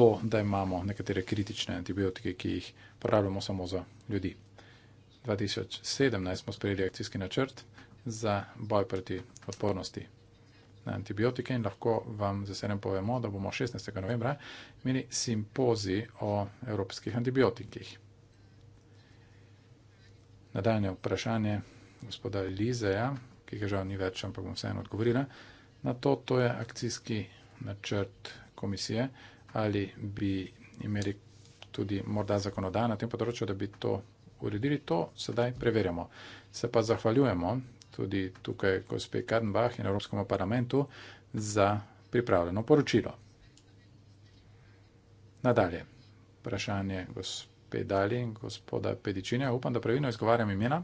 to, da imamo nekatere kritične antibiotike, ki jih uporabljamo samo za ljudi. 2017 smo sprejeli akcijski načrt za boj proti odpornosti na antibiotike in lahko vam z veseljem povemo, da bomo 16. novembra imeli simpozi o evropskih antibiotikih. Nadaljne vprašanje gospoda Lizeja, ki ga žal ni več, ampak bom vseeno odgovorila, na to, to je akcijski načrt komisije, ali bi imeli tudi morda zakonodaj na tem področju, da bi to uredili. To sedaj preverjamo. Se pa zahvaljujemo tudi tukaj gospe Karnbach in Evropskemu parlamentu za pripravljeno poročilo. Nadalje, vprašanje gospe Dali in gospoda Pedičinja. Upam, da pravilno izgovarjam imena.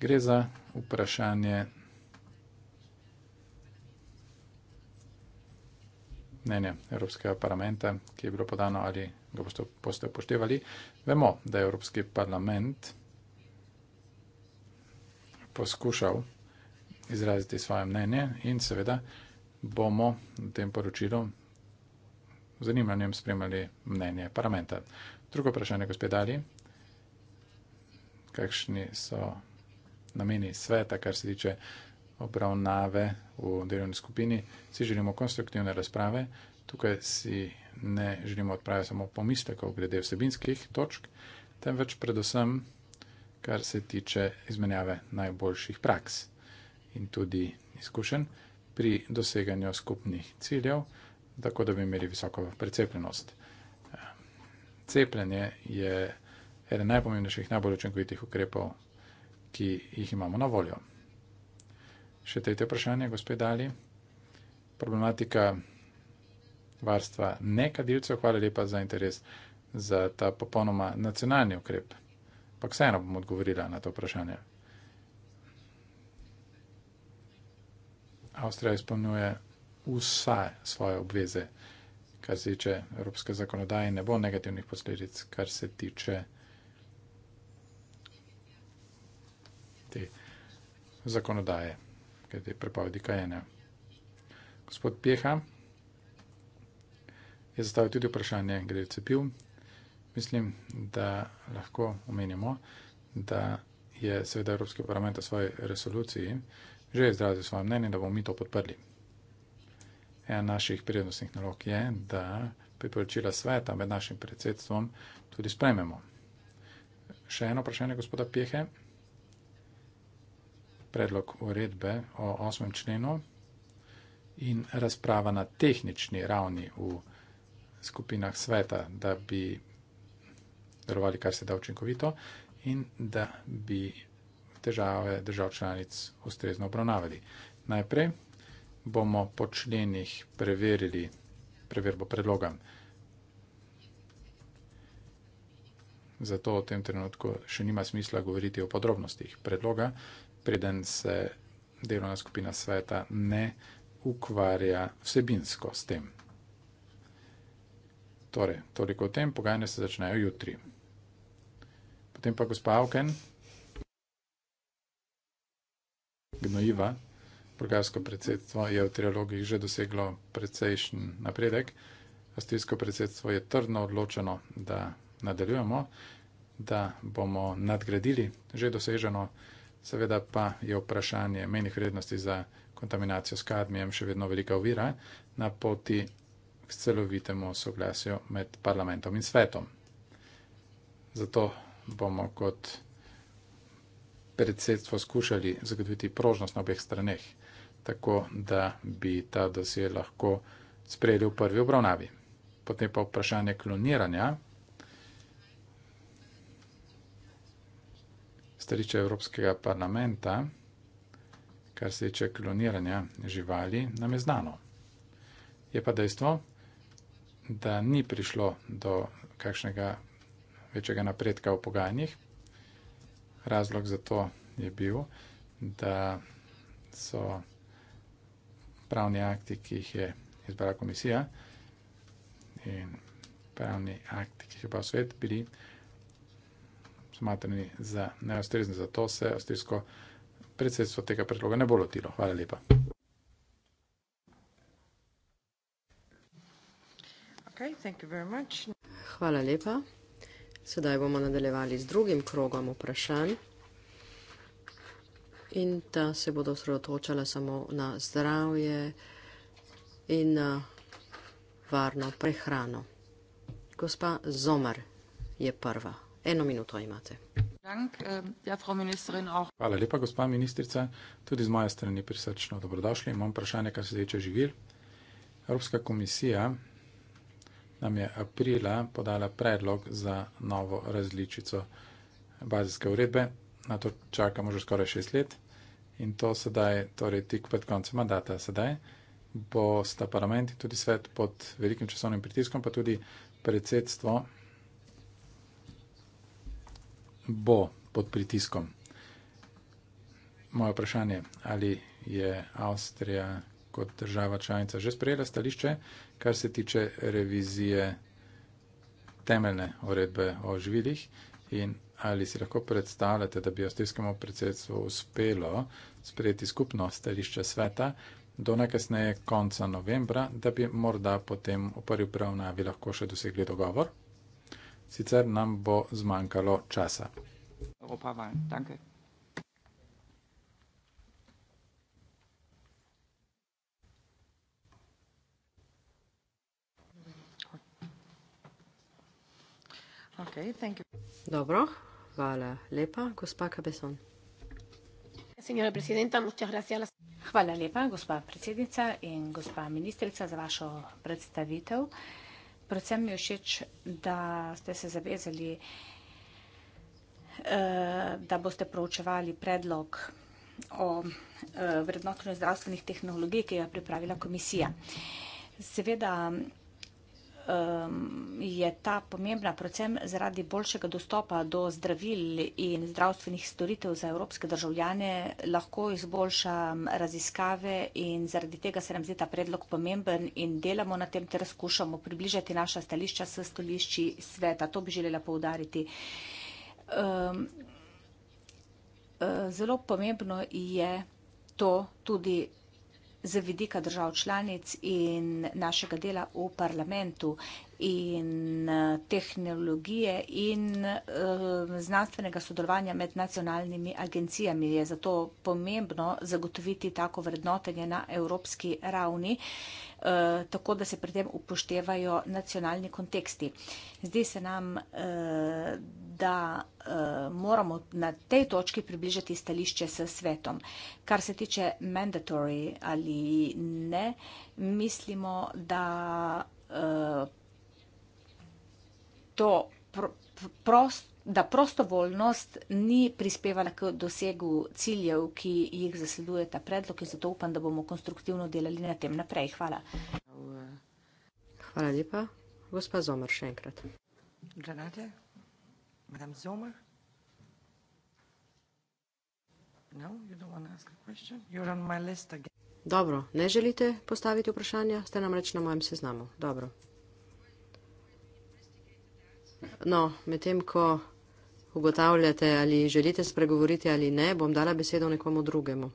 Gre za vprašanje. mnenje Evropskega parlamenta, ki je bilo podano ali ga boste, boste upoštevali. Vemo, da je Evropski parlament poskušal izraziti svoje mnenje in seveda bomo v tem poročilu z zanimanjem spremljali mnenje parlamenta. Drugo vprašanje, gospod Dali, kakšni so nameni sveta, kar se tiče obravnave v delovni skupini, si želimo konstruktivne razprave. Tukaj si ne želimo odpraviti samo pomistekov glede vsebinskih točk, temveč predvsem, kar se tiče izmenjave najboljših praks in tudi izkušenj pri doseganju skupnih ciljev, tako da bi imeli visoko precepljenost. Cepljenje je eden najpomembnejših, najbolj učinkovitih ukrepov, ki jih imamo na voljo. Še tretje vprašanje, gospod Dali. Problematika varstva nekadilcev. Hvala lepa za interes za ta popolnoma nacionalni ukrep. Pa vseeno bom odgovorila na to vprašanje. Avstrija izpolnjuje vsa svoje obveze, kar se tiče evropske zakonodaje, ne bo negativnih posledic, kar se tiče te zakonodaje glede prepovedi kajenja. Gospod Pjeha je zastavil tudi vprašanje glede cepiv. Mislim, da lahko omenimo, da je seveda Evropski parlament v svoji resoluciji že izrazil svoje mnenje, da bomo mi to podprli. Ena naših prednostnih nalog je, da priporočila sveta med našim predsedstvom tudi sprememo. Še eno vprašanje gospoda Pjehe predlog uredbe o 8. členu in razprava na tehnični ravni v skupinah sveta, da bi delovali kar se da učinkovito in da bi težave držav članic ustrezno obravnavali. Najprej bomo po členih preverili preverbo predloga. Zato v tem trenutku še nima smisla govoriti o podrobnostih predloga preden se delovna skupina sveta ne ukvarja vsebinsko s tem. Torej, toliko o tem, pogajanja se začnejo jutri. Potem pa gospa Avken, gnojiva, bulgarsko predsedstvo je v trialogih že doseglo precejšen napredek. Avstrijsko predsedstvo je trdno odločeno, da nadaljujemo, da bomo nadgradili že doseženo napredek. Seveda pa je vprašanje menih vrednosti za kontaminacijo s kadmijem še vedno velika ovira na poti k celovitemu soglasju med parlamentom in svetom. Zato bomo kot predsedstvo skušali zagotoviti prožnost na obeh straneh, tako da bi ta dosje lahko sprejeli v prvi obravnavi. Potem pa vprašanje kloniranja, stališče Evropskega parlamenta, kar se tiče kloniranja živali, nam je znano. Je pa dejstvo, da ni prišlo do kakšnega večjega napredka v pogajanjih. Razlog za to je bil, da so pravni akti, ki jih je izbrala komisija in pravni akti, ki jih je pa svet, bili smatrani za neustrezne, zato se avstrijsko predsedstvo tega predloga ne bo lotilo. Hvala lepa.
Okay, Hvala lepa. Sedaj bomo nadaljevali z drugim krogom vprašanj in ta se bodo osredotočala samo na zdravje in na varno prehrano. Gospa
Zomar je prva. Eno minuto imate.
Eh, ja,
Hvala lepa, gospa ministrica. Tudi z moje strani prisrčno dobrodošli. Imam vprašanje, kar se tiče živil. Evropska komisija nam je aprila podala predlog za novo različico bazijske uredbe. Na to čakamo že skoraj šest let in to sedaj, torej tik pred koncem mandata sedaj, bo sta parlament in tudi svet pod velikim časovnim pritiskom, pa tudi predsedstvo bo pod pritiskom. Moje vprašanje, ali je Avstrija kot država članica že sprejela stališče, kar se tiče revizije temeljne uredbe o živilih in ali si lahko predstavljate, da bi avstrijskemu predsedstvu uspelo sprejeti skupno stališče sveta do najkasneje konca novembra, da bi morda potem v prvi pravnavi lahko še dosegli dogovor sicer nam bo zmanjkalo časa.
Okay, thank you. Dobro, hvala lepa, gospa Kabeson.
Hvala lepa, gospa predsednica in gospa ministrica za vašo predstavitev. Predvsem mi je všeč, da ste se zavezali, eh, da boste proučevali predlog o eh, vrednotenju zdravstvenih tehnologij, ki ga je pripravila komisija. Seveda Um, je ta pomembna predvsem zaradi boljšega dostopa do zdravil in zdravstvenih storitev za evropske državljane, lahko izboljša um, raziskave in zaradi tega se nam zdi ta predlog pomemben in delamo na tem ter skušamo približati naša stališča s stališči sveta. To bi želela poudariti. Um, uh, zelo pomembno je to tudi z vidika držav članic in našega dela v parlamentu in eh, tehnologije in eh, znanstvenega sodelovanja med nacionalnimi agencijami. Je zato pomembno zagotoviti tako vrednotenje na evropski ravni, eh, tako da se pri tem upoštevajo nacionalni konteksti. Zdi se nam, da moramo na tej točki približati stališče s svetom. Kar se tiče mandatory ali ne, mislimo, da to prost, da prostovoljnost ni prispevala k dosegu ciljev, ki jih zasleduje ta predlog in zato upam, da bomo konstruktivno delali na tem naprej. Hvala.
Hvala lepa. Gospa Zomer, še enkrat. Granate, madam Zomer. No, Dobro, ne želite postaviti vprašanja, ste namreč na mojem seznamu. Dobro. No, medtem ko ugotavljate, ali želite spregovoriti ali ne, bom dala besedo nekomu drugemu.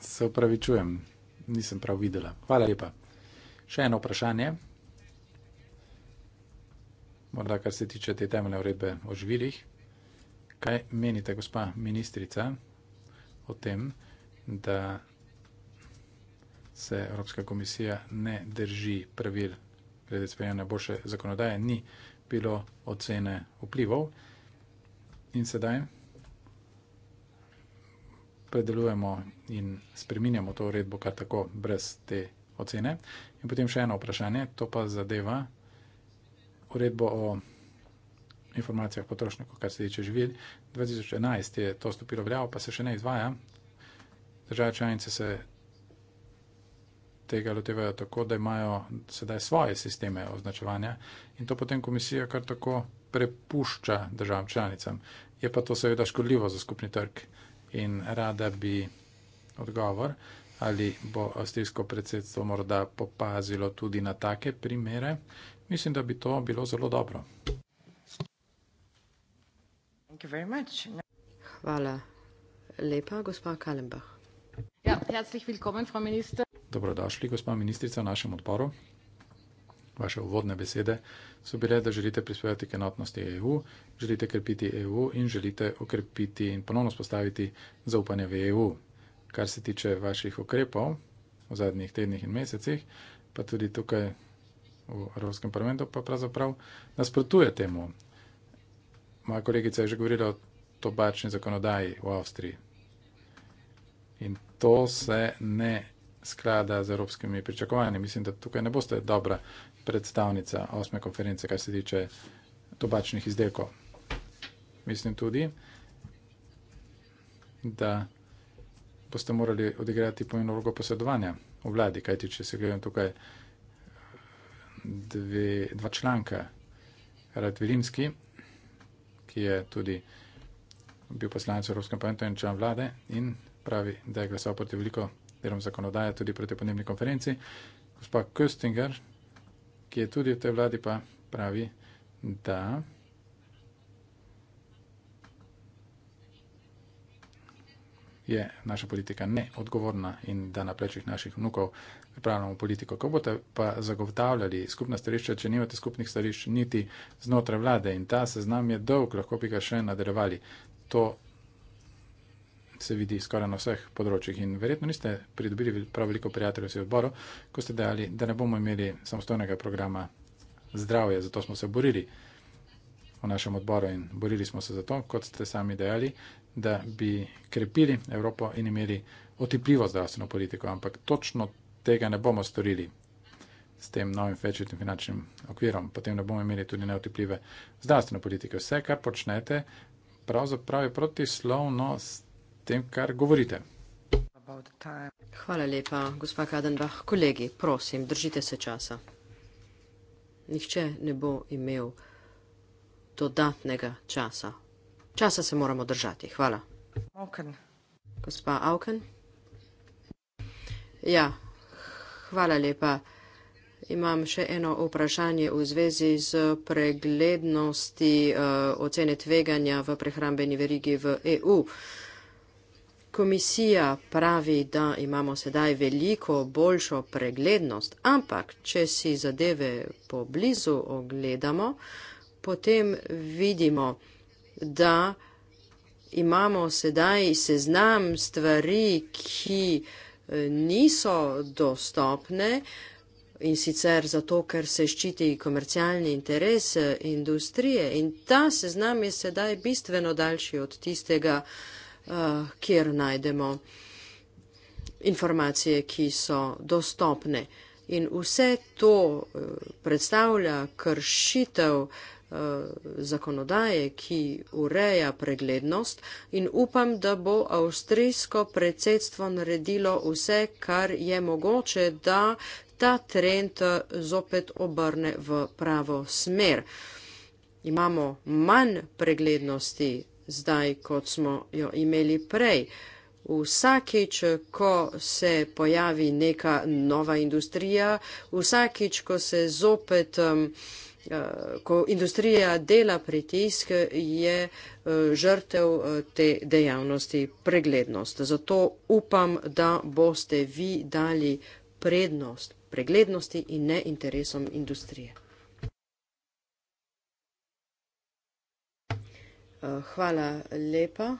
Se upravičujem, nisem prav videla. Hvala lepa. Še eno vprašanje. Morda, kar se tiče te temeljne uredbe o živilih. Kaj menite, gospa ministrica, o tem, da se Evropska komisija ne drži pravil glede sprejemanja boljše zakonodaje, ni bilo ocene vplivov. In sedaj predelujemo in spreminjamo to uredbo kar tako, brez te ocene. In potem še eno vprašanje, to pa zadeva uredbo o informacijah potrošnikov, kar se tiče živil. 2011 je to stopilo veljavo, pa se še ne izvaja. Države članice se tega lotevajo tako, da imajo sedaj svoje sisteme označevanja in to potem komisija kar tako prepušča državam članicam. Je pa to seveda škodljivo za skupni trg in rada bi odgovor, ali bo avstrijsko predsedstvo morda popazilo tudi na take primere. Mislim, da bi to bilo zelo dobro.
Hvala lepa, gospa Kalembach. Ja, herzlich willkommen, Frau Minister.
Dobrodošli, gospa ministrica, v našem odporu. Vaše uvodne besede so bile, da želite prispevati k enotnosti EU, želite krepiti EU in želite okrepiti in ponovno spostaviti zaupanje v EU. Kar se tiče vaših ukrepov v zadnjih tednih in mesecih, pa tudi tukaj v Evropskem parlamentu, pa pravzaprav nasprotuje temu. Moja kolegica je že govorila o tobačni zakonodaji v Avstriji. In to se ne sklada z evropskimi pričakovanji. Mislim, da tukaj ne boste dobra predstavnica osme konference, kar se tiče tobačnih izdelkov. Mislim tudi, da boste morali odigrati pomembno vlogo posredovanja v vladi, kajti če se gledam tukaj dve, dva članka, Rad Vilimski, ki je tudi bil poslanec Evropskega parlamenta in član vlade in pravi, da je glasoval proti veliko delom zakonodaje tudi proti podnebni konferenci. Gospa Köstinger, ki je tudi v tej vladi, pa pravi, da je naša politika neodgovorna in da na plečih naših vnukov pripravljamo politiko. Ko boste pa zagovtavljali skupna starišča, če nimate skupnih starišč niti znotraj vlade in ta seznam je dolg, lahko bi ga še nadaljevali. To se vidi skoraj na vseh področjih. In verjetno niste pridobili prav veliko prijateljev vsi odboru, ko ste dejali, da ne bomo imeli samostojnega programa zdravje. Zato smo se borili v našem odboru in borili smo se zato, kot ste sami dejali, da bi krepili Evropo in imeli otipljivo zdravstveno politiko. Ampak točno tega ne bomo storili s tem novim večjim finančnim okvirom. Potem ne bomo imeli tudi neotipljive zdravstvene politike. Vse, kar počnete, pravzaprav je protislovnost tem, kar govorite.
Hvala lepa, gospa Kadenbach. Kolegi, prosim, držite se časa. Nihče ne bo imel dodatnega časa. Časa se moramo držati. Hvala. Auken. Gospa Auken. Ja, hvala lepa. Imam še eno vprašanje v zvezi z preglednosti uh, ocene tveganja v prehrambeni verigi v EU. Uh, komisija pravi, da imamo sedaj veliko boljšo preglednost, ampak če si zadeve po blizu ogledamo, potem vidimo, da imamo sedaj seznam stvari, ki eh, niso dostopne in sicer zato, ker se ščiti komercialni interes eh, industrije in ta seznam je sedaj bistveno daljši od tistega, Eh, kjer najdemo informacije, ki so dostopne. In vse to eh, predstavlja kršitev eh, zakonodaje, ki ureja preglednost in upam, da bo avstrijsko predsedstvo naredilo vse, kar je mogoče, da ta trend zopet obrne v pravo smer. Imamo manj preglednosti zdaj, kot smo jo imeli prej. Vsakič, ko se pojavi neka nova industrija, vsakič, ko se zopet, um, uh, ko industrija dela pritisk, je uh, žrtev uh, te dejavnosti preglednost. Zato upam, da boste vi dali prednost preglednosti in ne interesom industrije. Eh, hvala lepa.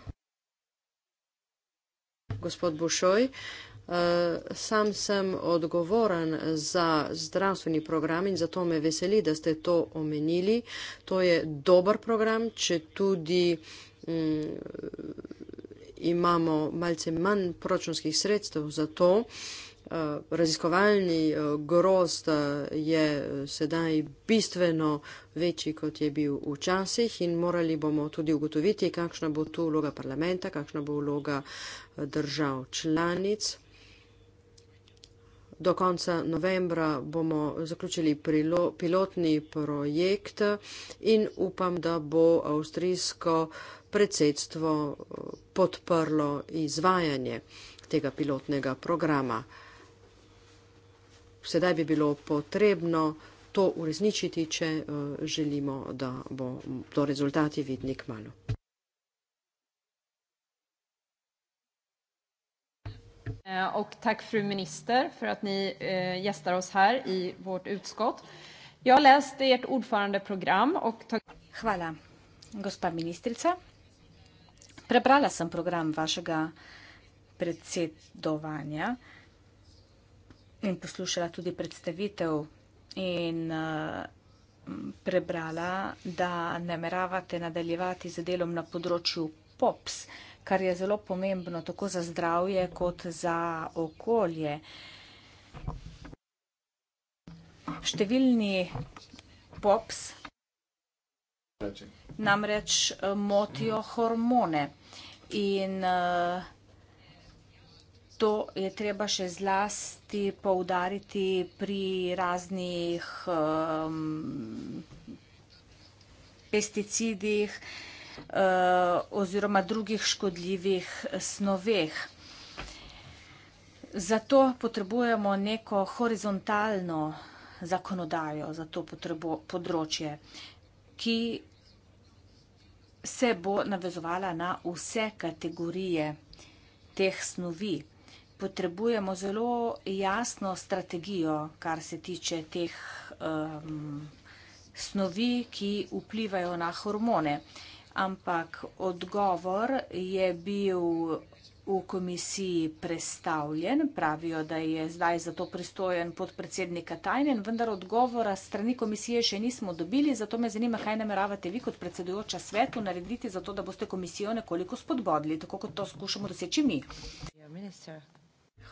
Gospod Bušoj, eh, sam sem odgovoren za zdravstveni program in zato me veseli, da ste to omenili. To je dober program, če tudi mm, imamo malce manj proračunskih sredstev za to. Eh, raziskovalni eh, grost eh, je sedaj bistveno večji, kot je bil včasih in morali bomo tudi ugotoviti, kakšna bo tu vloga parlamenta, kakšna bo vloga držav članic. Do konca novembra bomo zaključili prilo, pilotni projekt in upam, da bo avstrijsko predsedstvo podprlo izvajanje tega pilotnega programa sedaj bi bilo potrebno to uresničiti, če eh, želimo, da bo to rezultati vidni k malu.
Eh, och tack fru minister för att ni eh, gästar oss här i vårt utskott. Jag läste ert ordförandeprogram och... Hvala, gospa ministrica. Prebrala sam program vašega predsedovanja in poslušala tudi predstavitev in eh, prebrala, da nameravate nadaljevati z delom na področju POPS, kar je zelo pomembno tako za zdravje kot za okolje. Številni POPS namreč eh, motijo hormone in uh, To je treba še zlasti poudariti pri raznih um, pesticidih uh, oziroma drugih škodljivih snoveh. Zato potrebujemo neko horizontalno zakonodajo za to potrebo, področje, ki se bo navezovala na vse kategorije teh snovi potrebujemo zelo jasno strategijo, kar se tiče teh um, snovi, ki vplivajo na hormone. Ampak odgovor je bil v komisiji predstavljen, pravijo, da je zdaj zato pristojen podpredsednik Tajnen, vendar odgovora strani komisije še nismo dobili, zato me zanima, kaj nameravate vi kot predsedujoča svetu narediti, zato da boste komisijo nekoliko spodbodli, tako kot to skušamo doseči mi. Minister.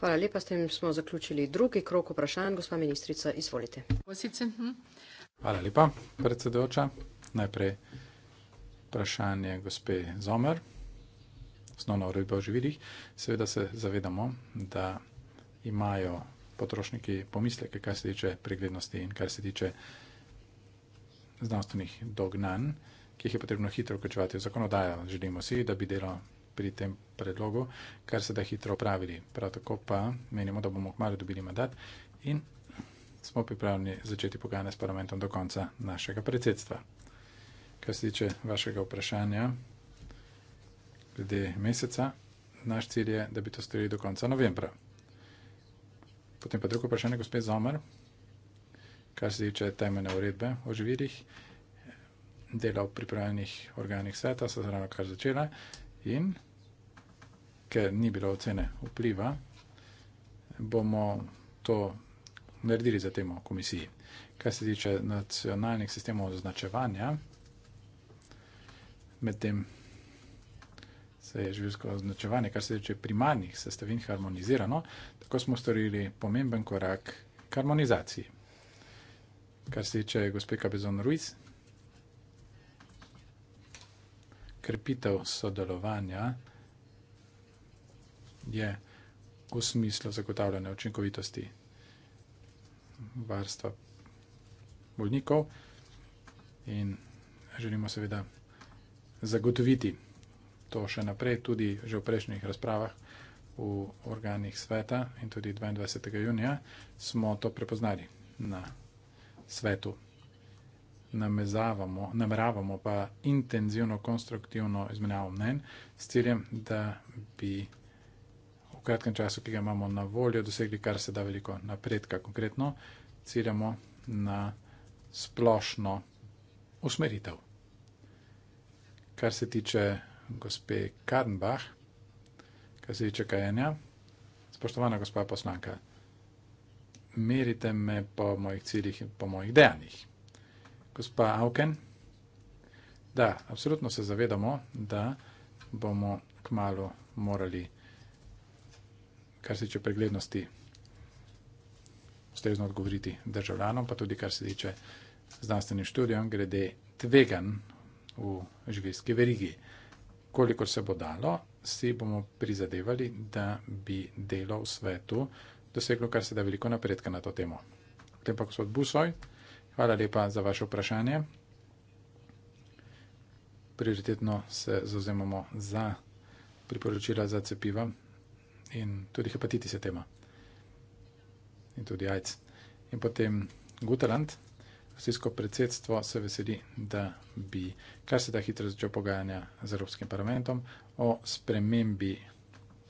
Hvala lepa, s tem smo zaključili drugi krok vprašanj. Gospa ministrica, izvolite.
Hm. Hvala lepa, predsedujoča. Najprej vprašanje gospe Zomer, osnovna uredba o živilih. Seveda se zavedamo, da imajo potrošniki pomisleke, kar se tiče preglednosti in kar se tiče znanstvenih dognanj, ki jih je potrebno hitro vključevati v zakonodajo. Želimo si, da bi delo pri tem predlogu, kar se da hitro opravili. Prav tako pa menimo, da bomo kmalo dobili mandat in smo pripravljeni začeti pogajanje s parlamentom do konca našega predsedstva. Kar se tiče vašega vprašanja glede meseca, naš cilj je, da bi to storili do konca novembra. Potem pa drugo vprašanje, gospod Zomer, kar se tiče temeljne uredbe o živirih, dela v pripravljenih organih sveta, so zravno kar začela in ker ni bilo ocene vpliva, bomo to naredili za temo komisiji. Kaj se tiče nacionalnih sistemov označevanja, med tem se je življsko označevanje, kar se tiče primarnih sestavin harmonizirano, tako smo storili pomemben korak k harmonizaciji. Kar se tiče gospe Kabezon Ruiz, krepitev sodelovanja je v smislu zagotavljanja učinkovitosti varstva bolnikov in želimo seveda zagotoviti to še naprej, tudi že v prejšnjih razpravah v organih sveta in tudi 22. junija smo to prepoznali na svetu namezavamo, nameravamo pa intenzivno, konstruktivno izmenjavo mnen s ciljem, da bi v kratkem času, ki ga imamo na voljo, dosegli kar se da veliko napredka. Konkretno ciljamo na splošno usmeritev. Kar se tiče gospe Karnbach, kar se tiče kajenja, spoštovana gospa poslanka, merite me po mojih ciljih in po mojih dejanjih gospa Auken. Da, absolutno se zavedamo, da bomo kmalo morali, kar se tiče preglednosti, ustrezno odgovoriti državljanom, pa tudi kar se tiče znanstvenim študijam, glede tvegan v živilski verigi. Kolikor se bo dalo, si bomo prizadevali, da bi delo v svetu doseglo kar se da veliko napredka na to temo. Potem pa gospod Busoj. Hvala lepa za vaše vprašanje. Prioritetno se zauzemamo za priporočila za cepiva in tudi hepatitis je tema. In tudi AIDS. In potem Guteland, vsesko predsedstvo se veseli, da bi kar se da hitro začel pogajanja z Evropskim parlamentom o spremembi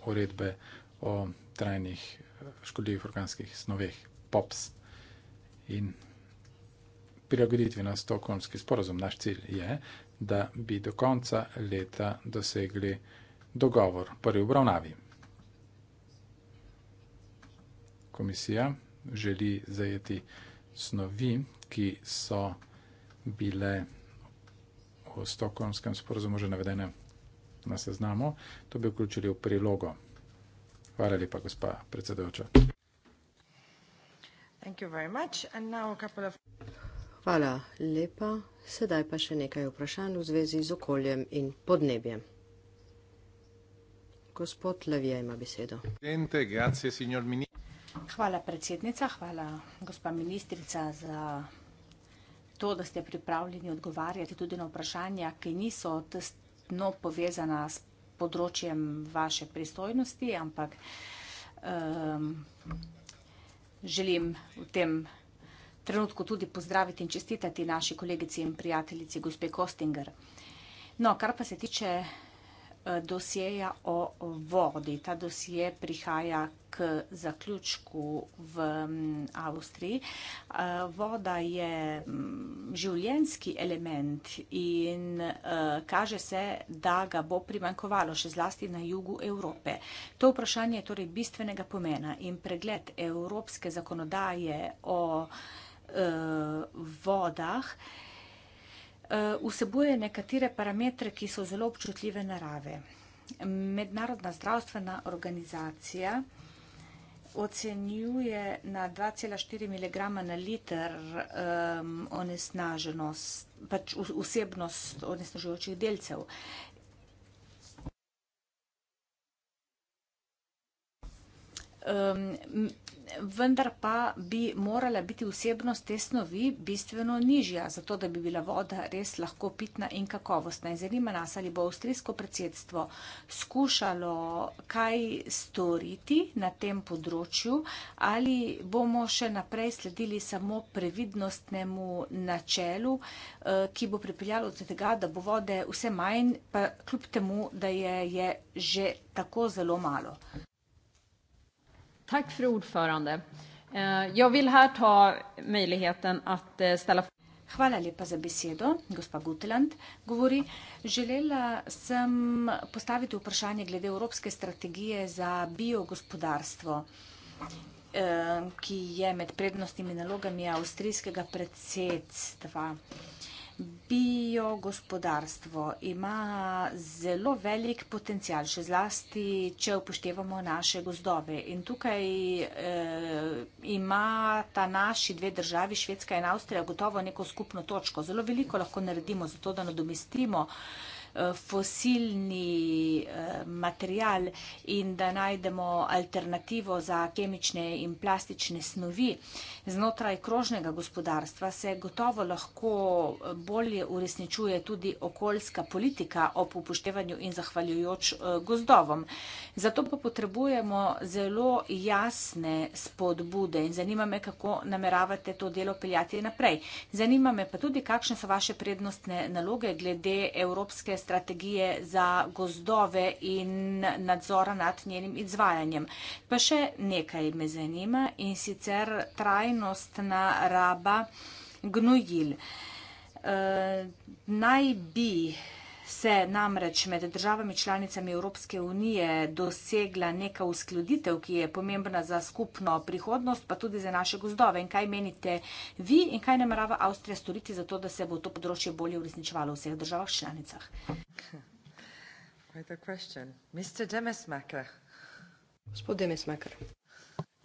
uredbe o trajnih škodljivih organskih snoveh, POPS. In prilagoditvi na stokholmski sporozum. Naš cilj je, da bi do konca leta dosegli dogovor v prvi obravnavi. Komisija želi zajeti snovi, ki so bile v stokholmskem sporozumu že navedene na seznamu. To bi vključili v prilogo. Hvala lepa, gospa predsedujoča.
Thank you very much. And now a couple of... Hvala lepa. Sedaj pa še nekaj vprašanj v zvezi z okoljem in podnebjem. Gospod Levija ima besedo.
Hvala predsednica, hvala gospa ministrica za to, da ste pripravljeni odgovarjati tudi na vprašanja, ki niso tesno povezana s področjem vaše pristojnosti, ampak um, želim v tem trenutku tudi pozdraviti in čestitati naši kolegici in prijateljici, gospe Kostinger. No, kar pa se tiče eh, dosjeja o vodi. Ta dosje prihaja k zaključku v mm, Avstriji. Eh, voda je mm, življenski element in eh, kaže se, da ga bo primankovalo še zlasti na jugu Evrope. To vprašanje je torej bistvenega pomena in pregled evropske zakonodaje o vodi Eh, vodah, eh, vsebuje nekatere parametre, ki so zelo občutljive narave. Mednarodna zdravstvena organizacija ocenjuje na 2,4 mg na liter um, onesnaženost, pač vsebnost onesnažujočih delcev. Um, vendar pa bi morala biti vsebnost te snovi bistveno nižja, zato da bi bila voda res lahko pitna in kakovostna. In zanima nas, ali bo avstrijsko predsedstvo skušalo kaj storiti na tem področju, ali bomo še naprej sledili samo previdnostnemu načelu, eh, ki bo pripeljalo do tega, da bo vode vse manj, pa kljub temu, da je, je že tako zelo malo. Tack för ordförande. Eh, jag vill här ta möjligheten att eh, ställa Hvala lepa za besedo, gospa Gutland govori. Želela sem postaviti vprašanje glede Evropske strategije za biogospodarstvo, eh, ki je med prednostnimi nalogami avstrijskega predsedstva biogospodarstvo ima zelo velik potencial, še zlasti, če upoštevamo naše gozdove. In tukaj eh, ima ta naši dve državi, Švedska in Avstrija, gotovo neko skupno točko. Zelo veliko lahko naredimo za to, da nadomestimo eh, Eh, fosilni eh, material in da najdemo alternativo za kemične in plastične snovi. Znotraj krožnega gospodarstva se gotovo lahko eh, bolje uresničuje tudi okoljska politika ob upoštevanju in zahvaljujoč gozdovom. Zato pa potrebujemo zelo jasne spodbude in zanima me, kako nameravate to delo peljati naprej. Zanima me pa tudi, kakšne so vaše prednostne naloge glede evropske strategije za gozdove in nadzora nad njenim izvajanjem. Pa še nekaj me zanima in sicer trajnostna raba gnojil. Uh, naj bi uh, se namreč med državami članicami Evropske unije dosegla neka uskladitev, ki je pomembna za skupno prihodnost, pa tudi za naše gozdove. In kaj menite vi in kaj namerava Avstrija storiti za to, da se bo to področje bolje uresničevalo v vseh državah članicah?
Gospod Demesmaker.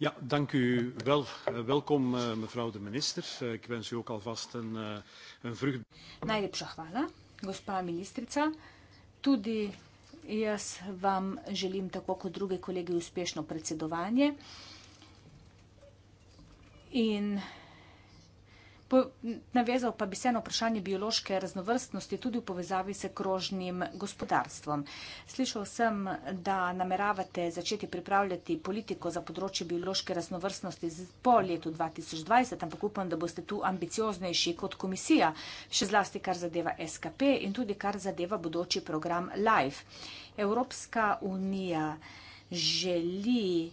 Ja, dank u wel. Uh, welkom, uh, mevrouw de minister. Uh, ik wens u ook alvast een, uh, een vrucht.
Najlepša hvala gospa ministrica. Tudi jaz vam želim, tako kot druge kolege, uspešno predsedovanje. In Navezal pa bi se na vprašanje biološke raznovrstnosti tudi v povezavi s krožnim gospodarstvom. Slišal sem, da nameravate začeti pripravljati politiko za področje biološke raznovrstnosti po letu 2020, ampak upam, da boste tu ambicioznejši kot komisija, še zlasti kar zadeva SKP in tudi kar zadeva bodoči program LIFE. Evropska unija želi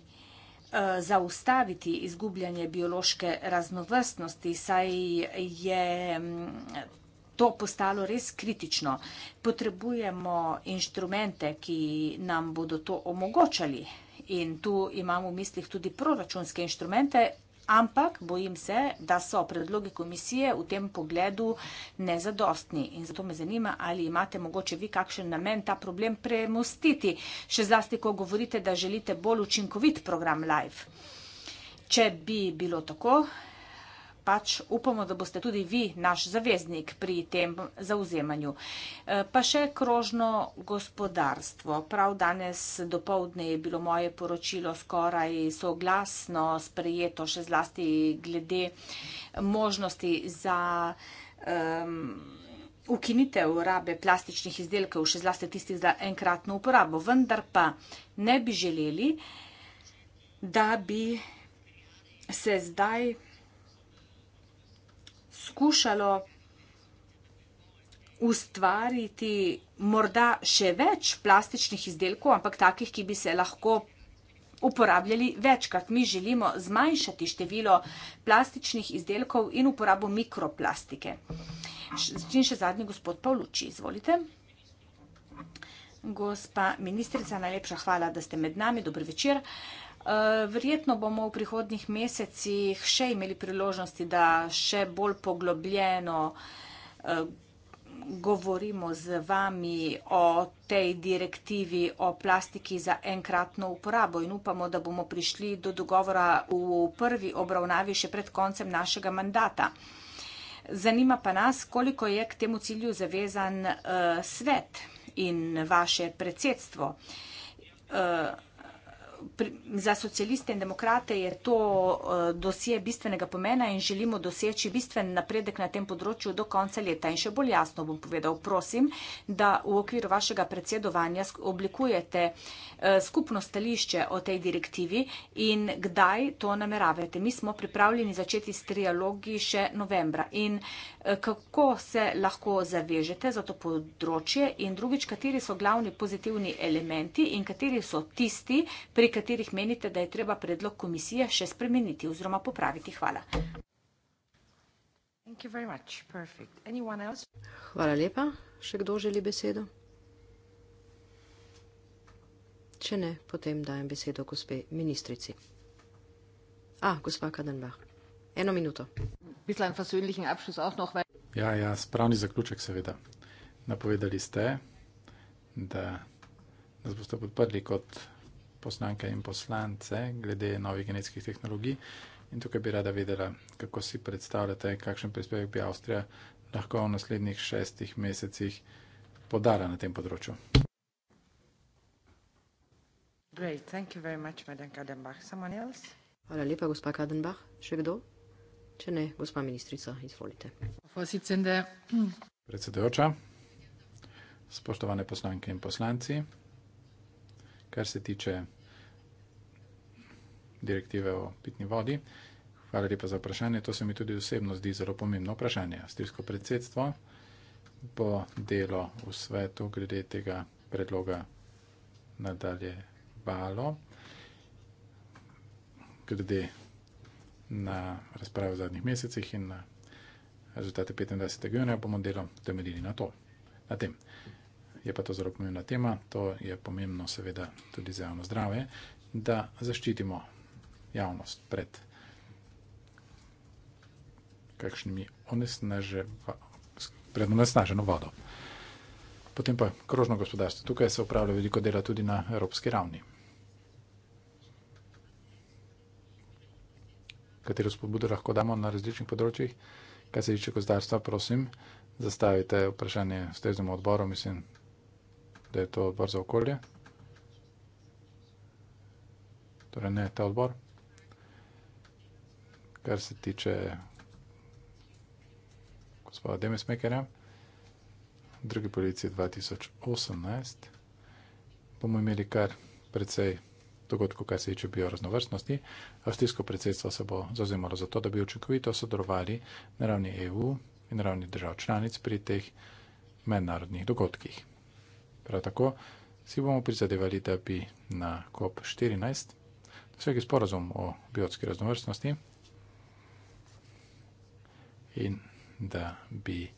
Eh, zaustaviti izgubljanje biološke raznovrstnosti, saj je mm, to postalo res kritično. Potrebujemo inštrumente, ki nam bodo to omogočali. In tu imamo v mislih tudi proračunske inštrumente, Ampak bojim se, da so predlogi komisije v tem pogledu nezadostni. In zato me zanima, ali imate mogoče vi kakšen namen ta problem premustiti, še zlasti, ko govorite, da želite bolj učinkovit program Live. Če bi bilo tako, pač upamo, da boste tudi vi naš zaveznik pri tem zauzemanju. E, pa še krožno gospodarstvo. Prav danes do povdne je bilo moje poročilo skoraj soglasno sprejeto, še zlasti glede možnosti za. Um, Ukinitev rabe plastičnih izdelkov, še zlasti tistih za enkratno uporabo, vendar pa ne bi želeli, da bi se zdaj skušalo ustvariti morda še več plastičnih izdelkov, ampak takih, ki bi se lahko uporabljali večkrat. Mi želimo zmanjšati število plastičnih izdelkov in uporabo mikroplastike. Začnem še zadnji gospod Pavluči, izvolite. Gospa ministrica, najlepša hvala, da ste med nami. Dobro večer. Uh, Eh, verjetno bomo v prihodnjih mesecih še imeli priložnosti, da še bolj poglobljeno eh, govorimo z vami o tej direktivi o plastiki za enkratno uporabo in upamo, da bomo prišli do dogovora v prvi obravnavi še pred koncem našega mandata. Zanima pa nas, koliko je k temu cilju zavezan uh, svet in vaše predsedstvo. Uh, za socialiste in demokrate je to eh, dosje bistvenega pomena in želimo doseči bistven napredek na tem področju do konca leta. In še bolj jasno bom povedal, prosim, da v okviru vašega predsedovanja oblikujete eh, skupno stališče o tej direktivi in kdaj to nameravate. Mi smo pripravljeni začeti s trialogi še novembra. In eh, kako se lahko zavežete za to področje in drugič, kateri so glavni pozitivni elementi in kateri so tisti, pri pri katerih menite, da je treba predlog komisije še spremeniti oziroma popraviti. Hvala. Hvala
lepa. Še kdo želi besedo? Če ne, potem dajem besedo gospe ministrici. A, gospa Kadenbach. Eno minuto.
Ja, ja, spravni zaključek seveda. Napovedali ste, da nas boste podprli kot poslanke in poslance glede novih genetskih tehnologij. In tukaj bi rada videla, kako si predstavljate, kakšen prispevek bi Avstrija lahko v naslednjih šestih mesecih podala na tem področju.
Hvala lepa, gospa Kadenbach. Še kdo? Če ne, gospa ministrica, izvolite.
Predsedujoča, spoštovane poslanke in poslanci, kar se tiče direktive o pitni vodi. Hvala lepa za vprašanje. To se mi tudi osebno zdi zelo pomembno vprašanje. Avstrijsko predsedstvo bo delo v svetu glede tega predloga nadalje balo, glede na razprave v zadnjih mesecih in na rezultate 25. junija bomo delo temeljili na, to, na tem. Je pa to zelo pomembna tema, to je pomembno seveda tudi za javno zdrave, da zaščitimo javnost pred kakšnimi onesnaževa, pred onesnaženo vodo. Potem pa krožno gospodarstvo. Tukaj se upravlja veliko dela tudi na evropski ravni. Katero spodbudo lahko damo na različnih področjih? Kaj se tiče gospodarstva, prosim, zastavite vprašanje s teznim odborom, mislim, da je to odbor za okolje. Torej ne ta odbor kar se tiče gospoda Demes Mekerja, druge policije 2018, bomo imeli kar precej dogodkov, kar se tiče bioraznovrstnosti. Avstrijsko predsedstvo se bo zazemalo za to, da bi učinkovito sodelovali na ravni EU in ravni držav članic pri teh mednarodnih dogodkih. Prav tako si bomo prizadevali, da bi na COP14 dosegli sporazum o biotski raznovrstnosti, in da bi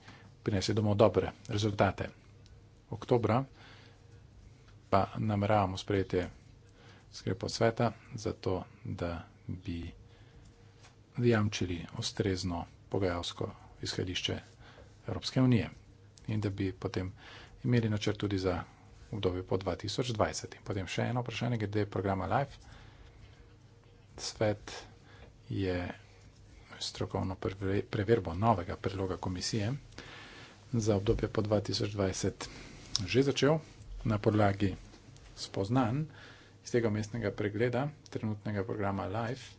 prinesli domov dobre rezultate. Oktobra pa nameravamo sprejeti sklep od sveta, zato da bi jamčili ustrezno pogajalsko izhodišče Evropske unije in da bi potem imeli načrt tudi za obdobje po 2020. In potem še eno vprašanje, glede programa LIFE. Svet je strokovno preverbo novega predloga komisije za obdobje po 2020 že začel na podlagi spoznanj iz tega mestnega pregleda trenutnega programa LIFE,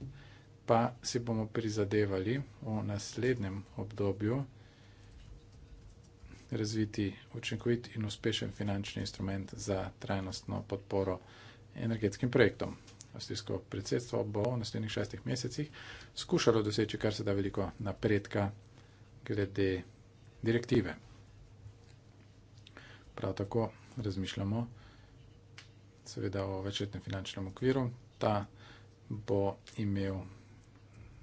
pa si bomo prizadevali v naslednjem obdobju razviti učinkovit in uspešen finančni instrument za trajnostno podporo energetskim projektom avstrijsko predsedstvo bo v naslednjih šestih mesecih skušalo doseči kar se da veliko napredka glede direktive. Prav tako razmišljamo seveda o večletnem finančnem okviru. Ta bo imel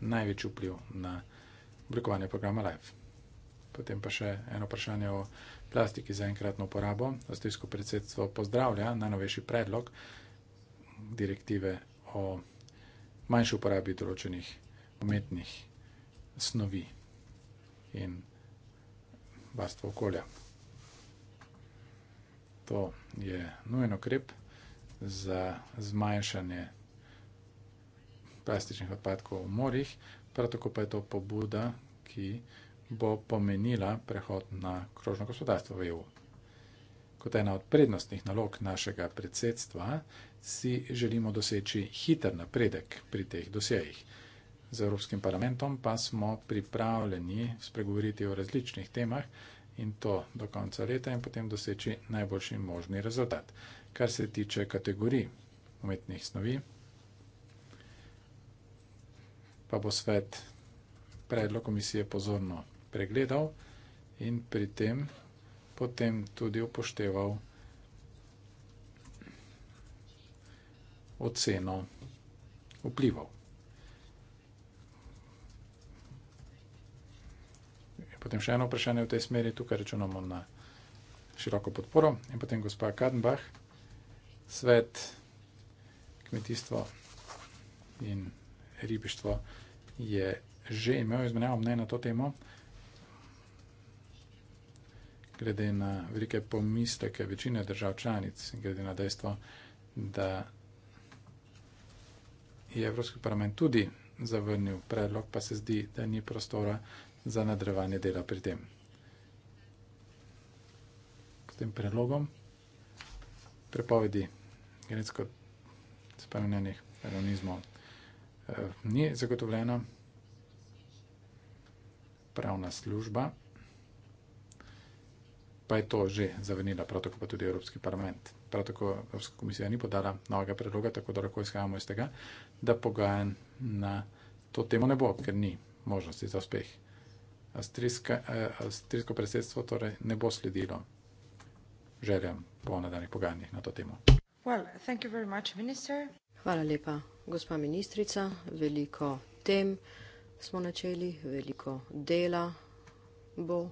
največji vpliv na oblikovanje programa LIFE. Potem pa še eno vprašanje o plastiki za enkratno uporabo. Avstrijsko predsedstvo pozdravlja najnovejši predlog, direktive o manjši uporabi določenih umetnih snovi in varstvo okolja. To je nujen ukrep za zmanjšanje plastičnih odpadkov v morjih, prav tako pa je to pobuda, ki bo pomenila prehod na krožno gospodarstvo v EU. Kot ena od prednostnih nalog našega predsedstva si želimo doseči hiter napredek pri teh dosjejih. Z Evropskim parlamentom pa smo pripravljeni spregovoriti o različnih temah in to do konca leta in potem doseči najboljši možni rezultat. Kar se tiče kategorij umetnih snovi, pa bo svet predlog komisije pozorno pregledal in pri tem potem tudi upošteval oceno vplivov. Potem še eno vprašanje v tej smeri, tukaj računamo na široko podporo. In potem gospa Kadenbach, svet kmetijstvo in ribištvo je že imel izmenjavo mnenje na to temo glede na velike pomisleke večine držav članic, glede na dejstvo, da je Evropski parlament tudi zavrnil predlog, pa se zdi, da ni prostora za nadrevanje dela pri tem. K tem predlogom prepovedi genetsko spremenjenih organizmov eh, ni zagotovljena pravna služba pa je to že zavrnila, prav tako pa tudi Evropski parlament. Prav tako Evropska komisija ni podala novega predloga, tako da lahko izhajamo iz tega, da pogajanj na to temo ne bo, ker ni možnosti za uspeh. Eh, avstrijsko predsedstvo torej ne bo sledilo željam po nadaljnih pogajanjih na to temo. Well, much,
Hvala lepa, gospa ministrica. Veliko tem smo načeli, veliko dela bo.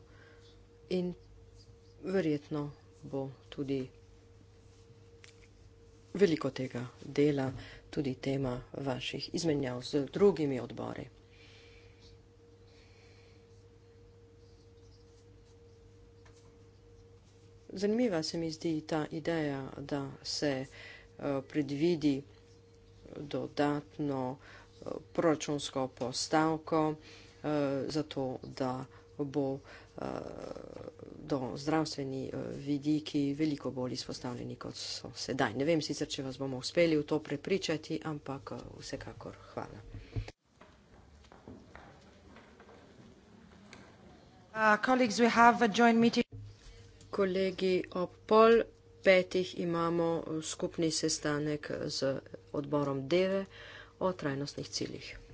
In verjetno bo tudi veliko tega dela, tudi tema vaših izmenjav z drugimi odbori. Zanimiva se mi zdi ta ideja, da se eh, predvidi dodatno eh, proračunsko postavko eh, za to, da bo eh, do zdravstveni eh, vidiki veliko bolj izpostavljeni, kot so sedaj. Ne vem sicer, če vas bomo uspeli v to prepričati, ampak eh, vsekakor hvala. Uh, Kolegi, ob pol petih imamo skupni sestanek z odborom DEVE o trajnostnih ciljih.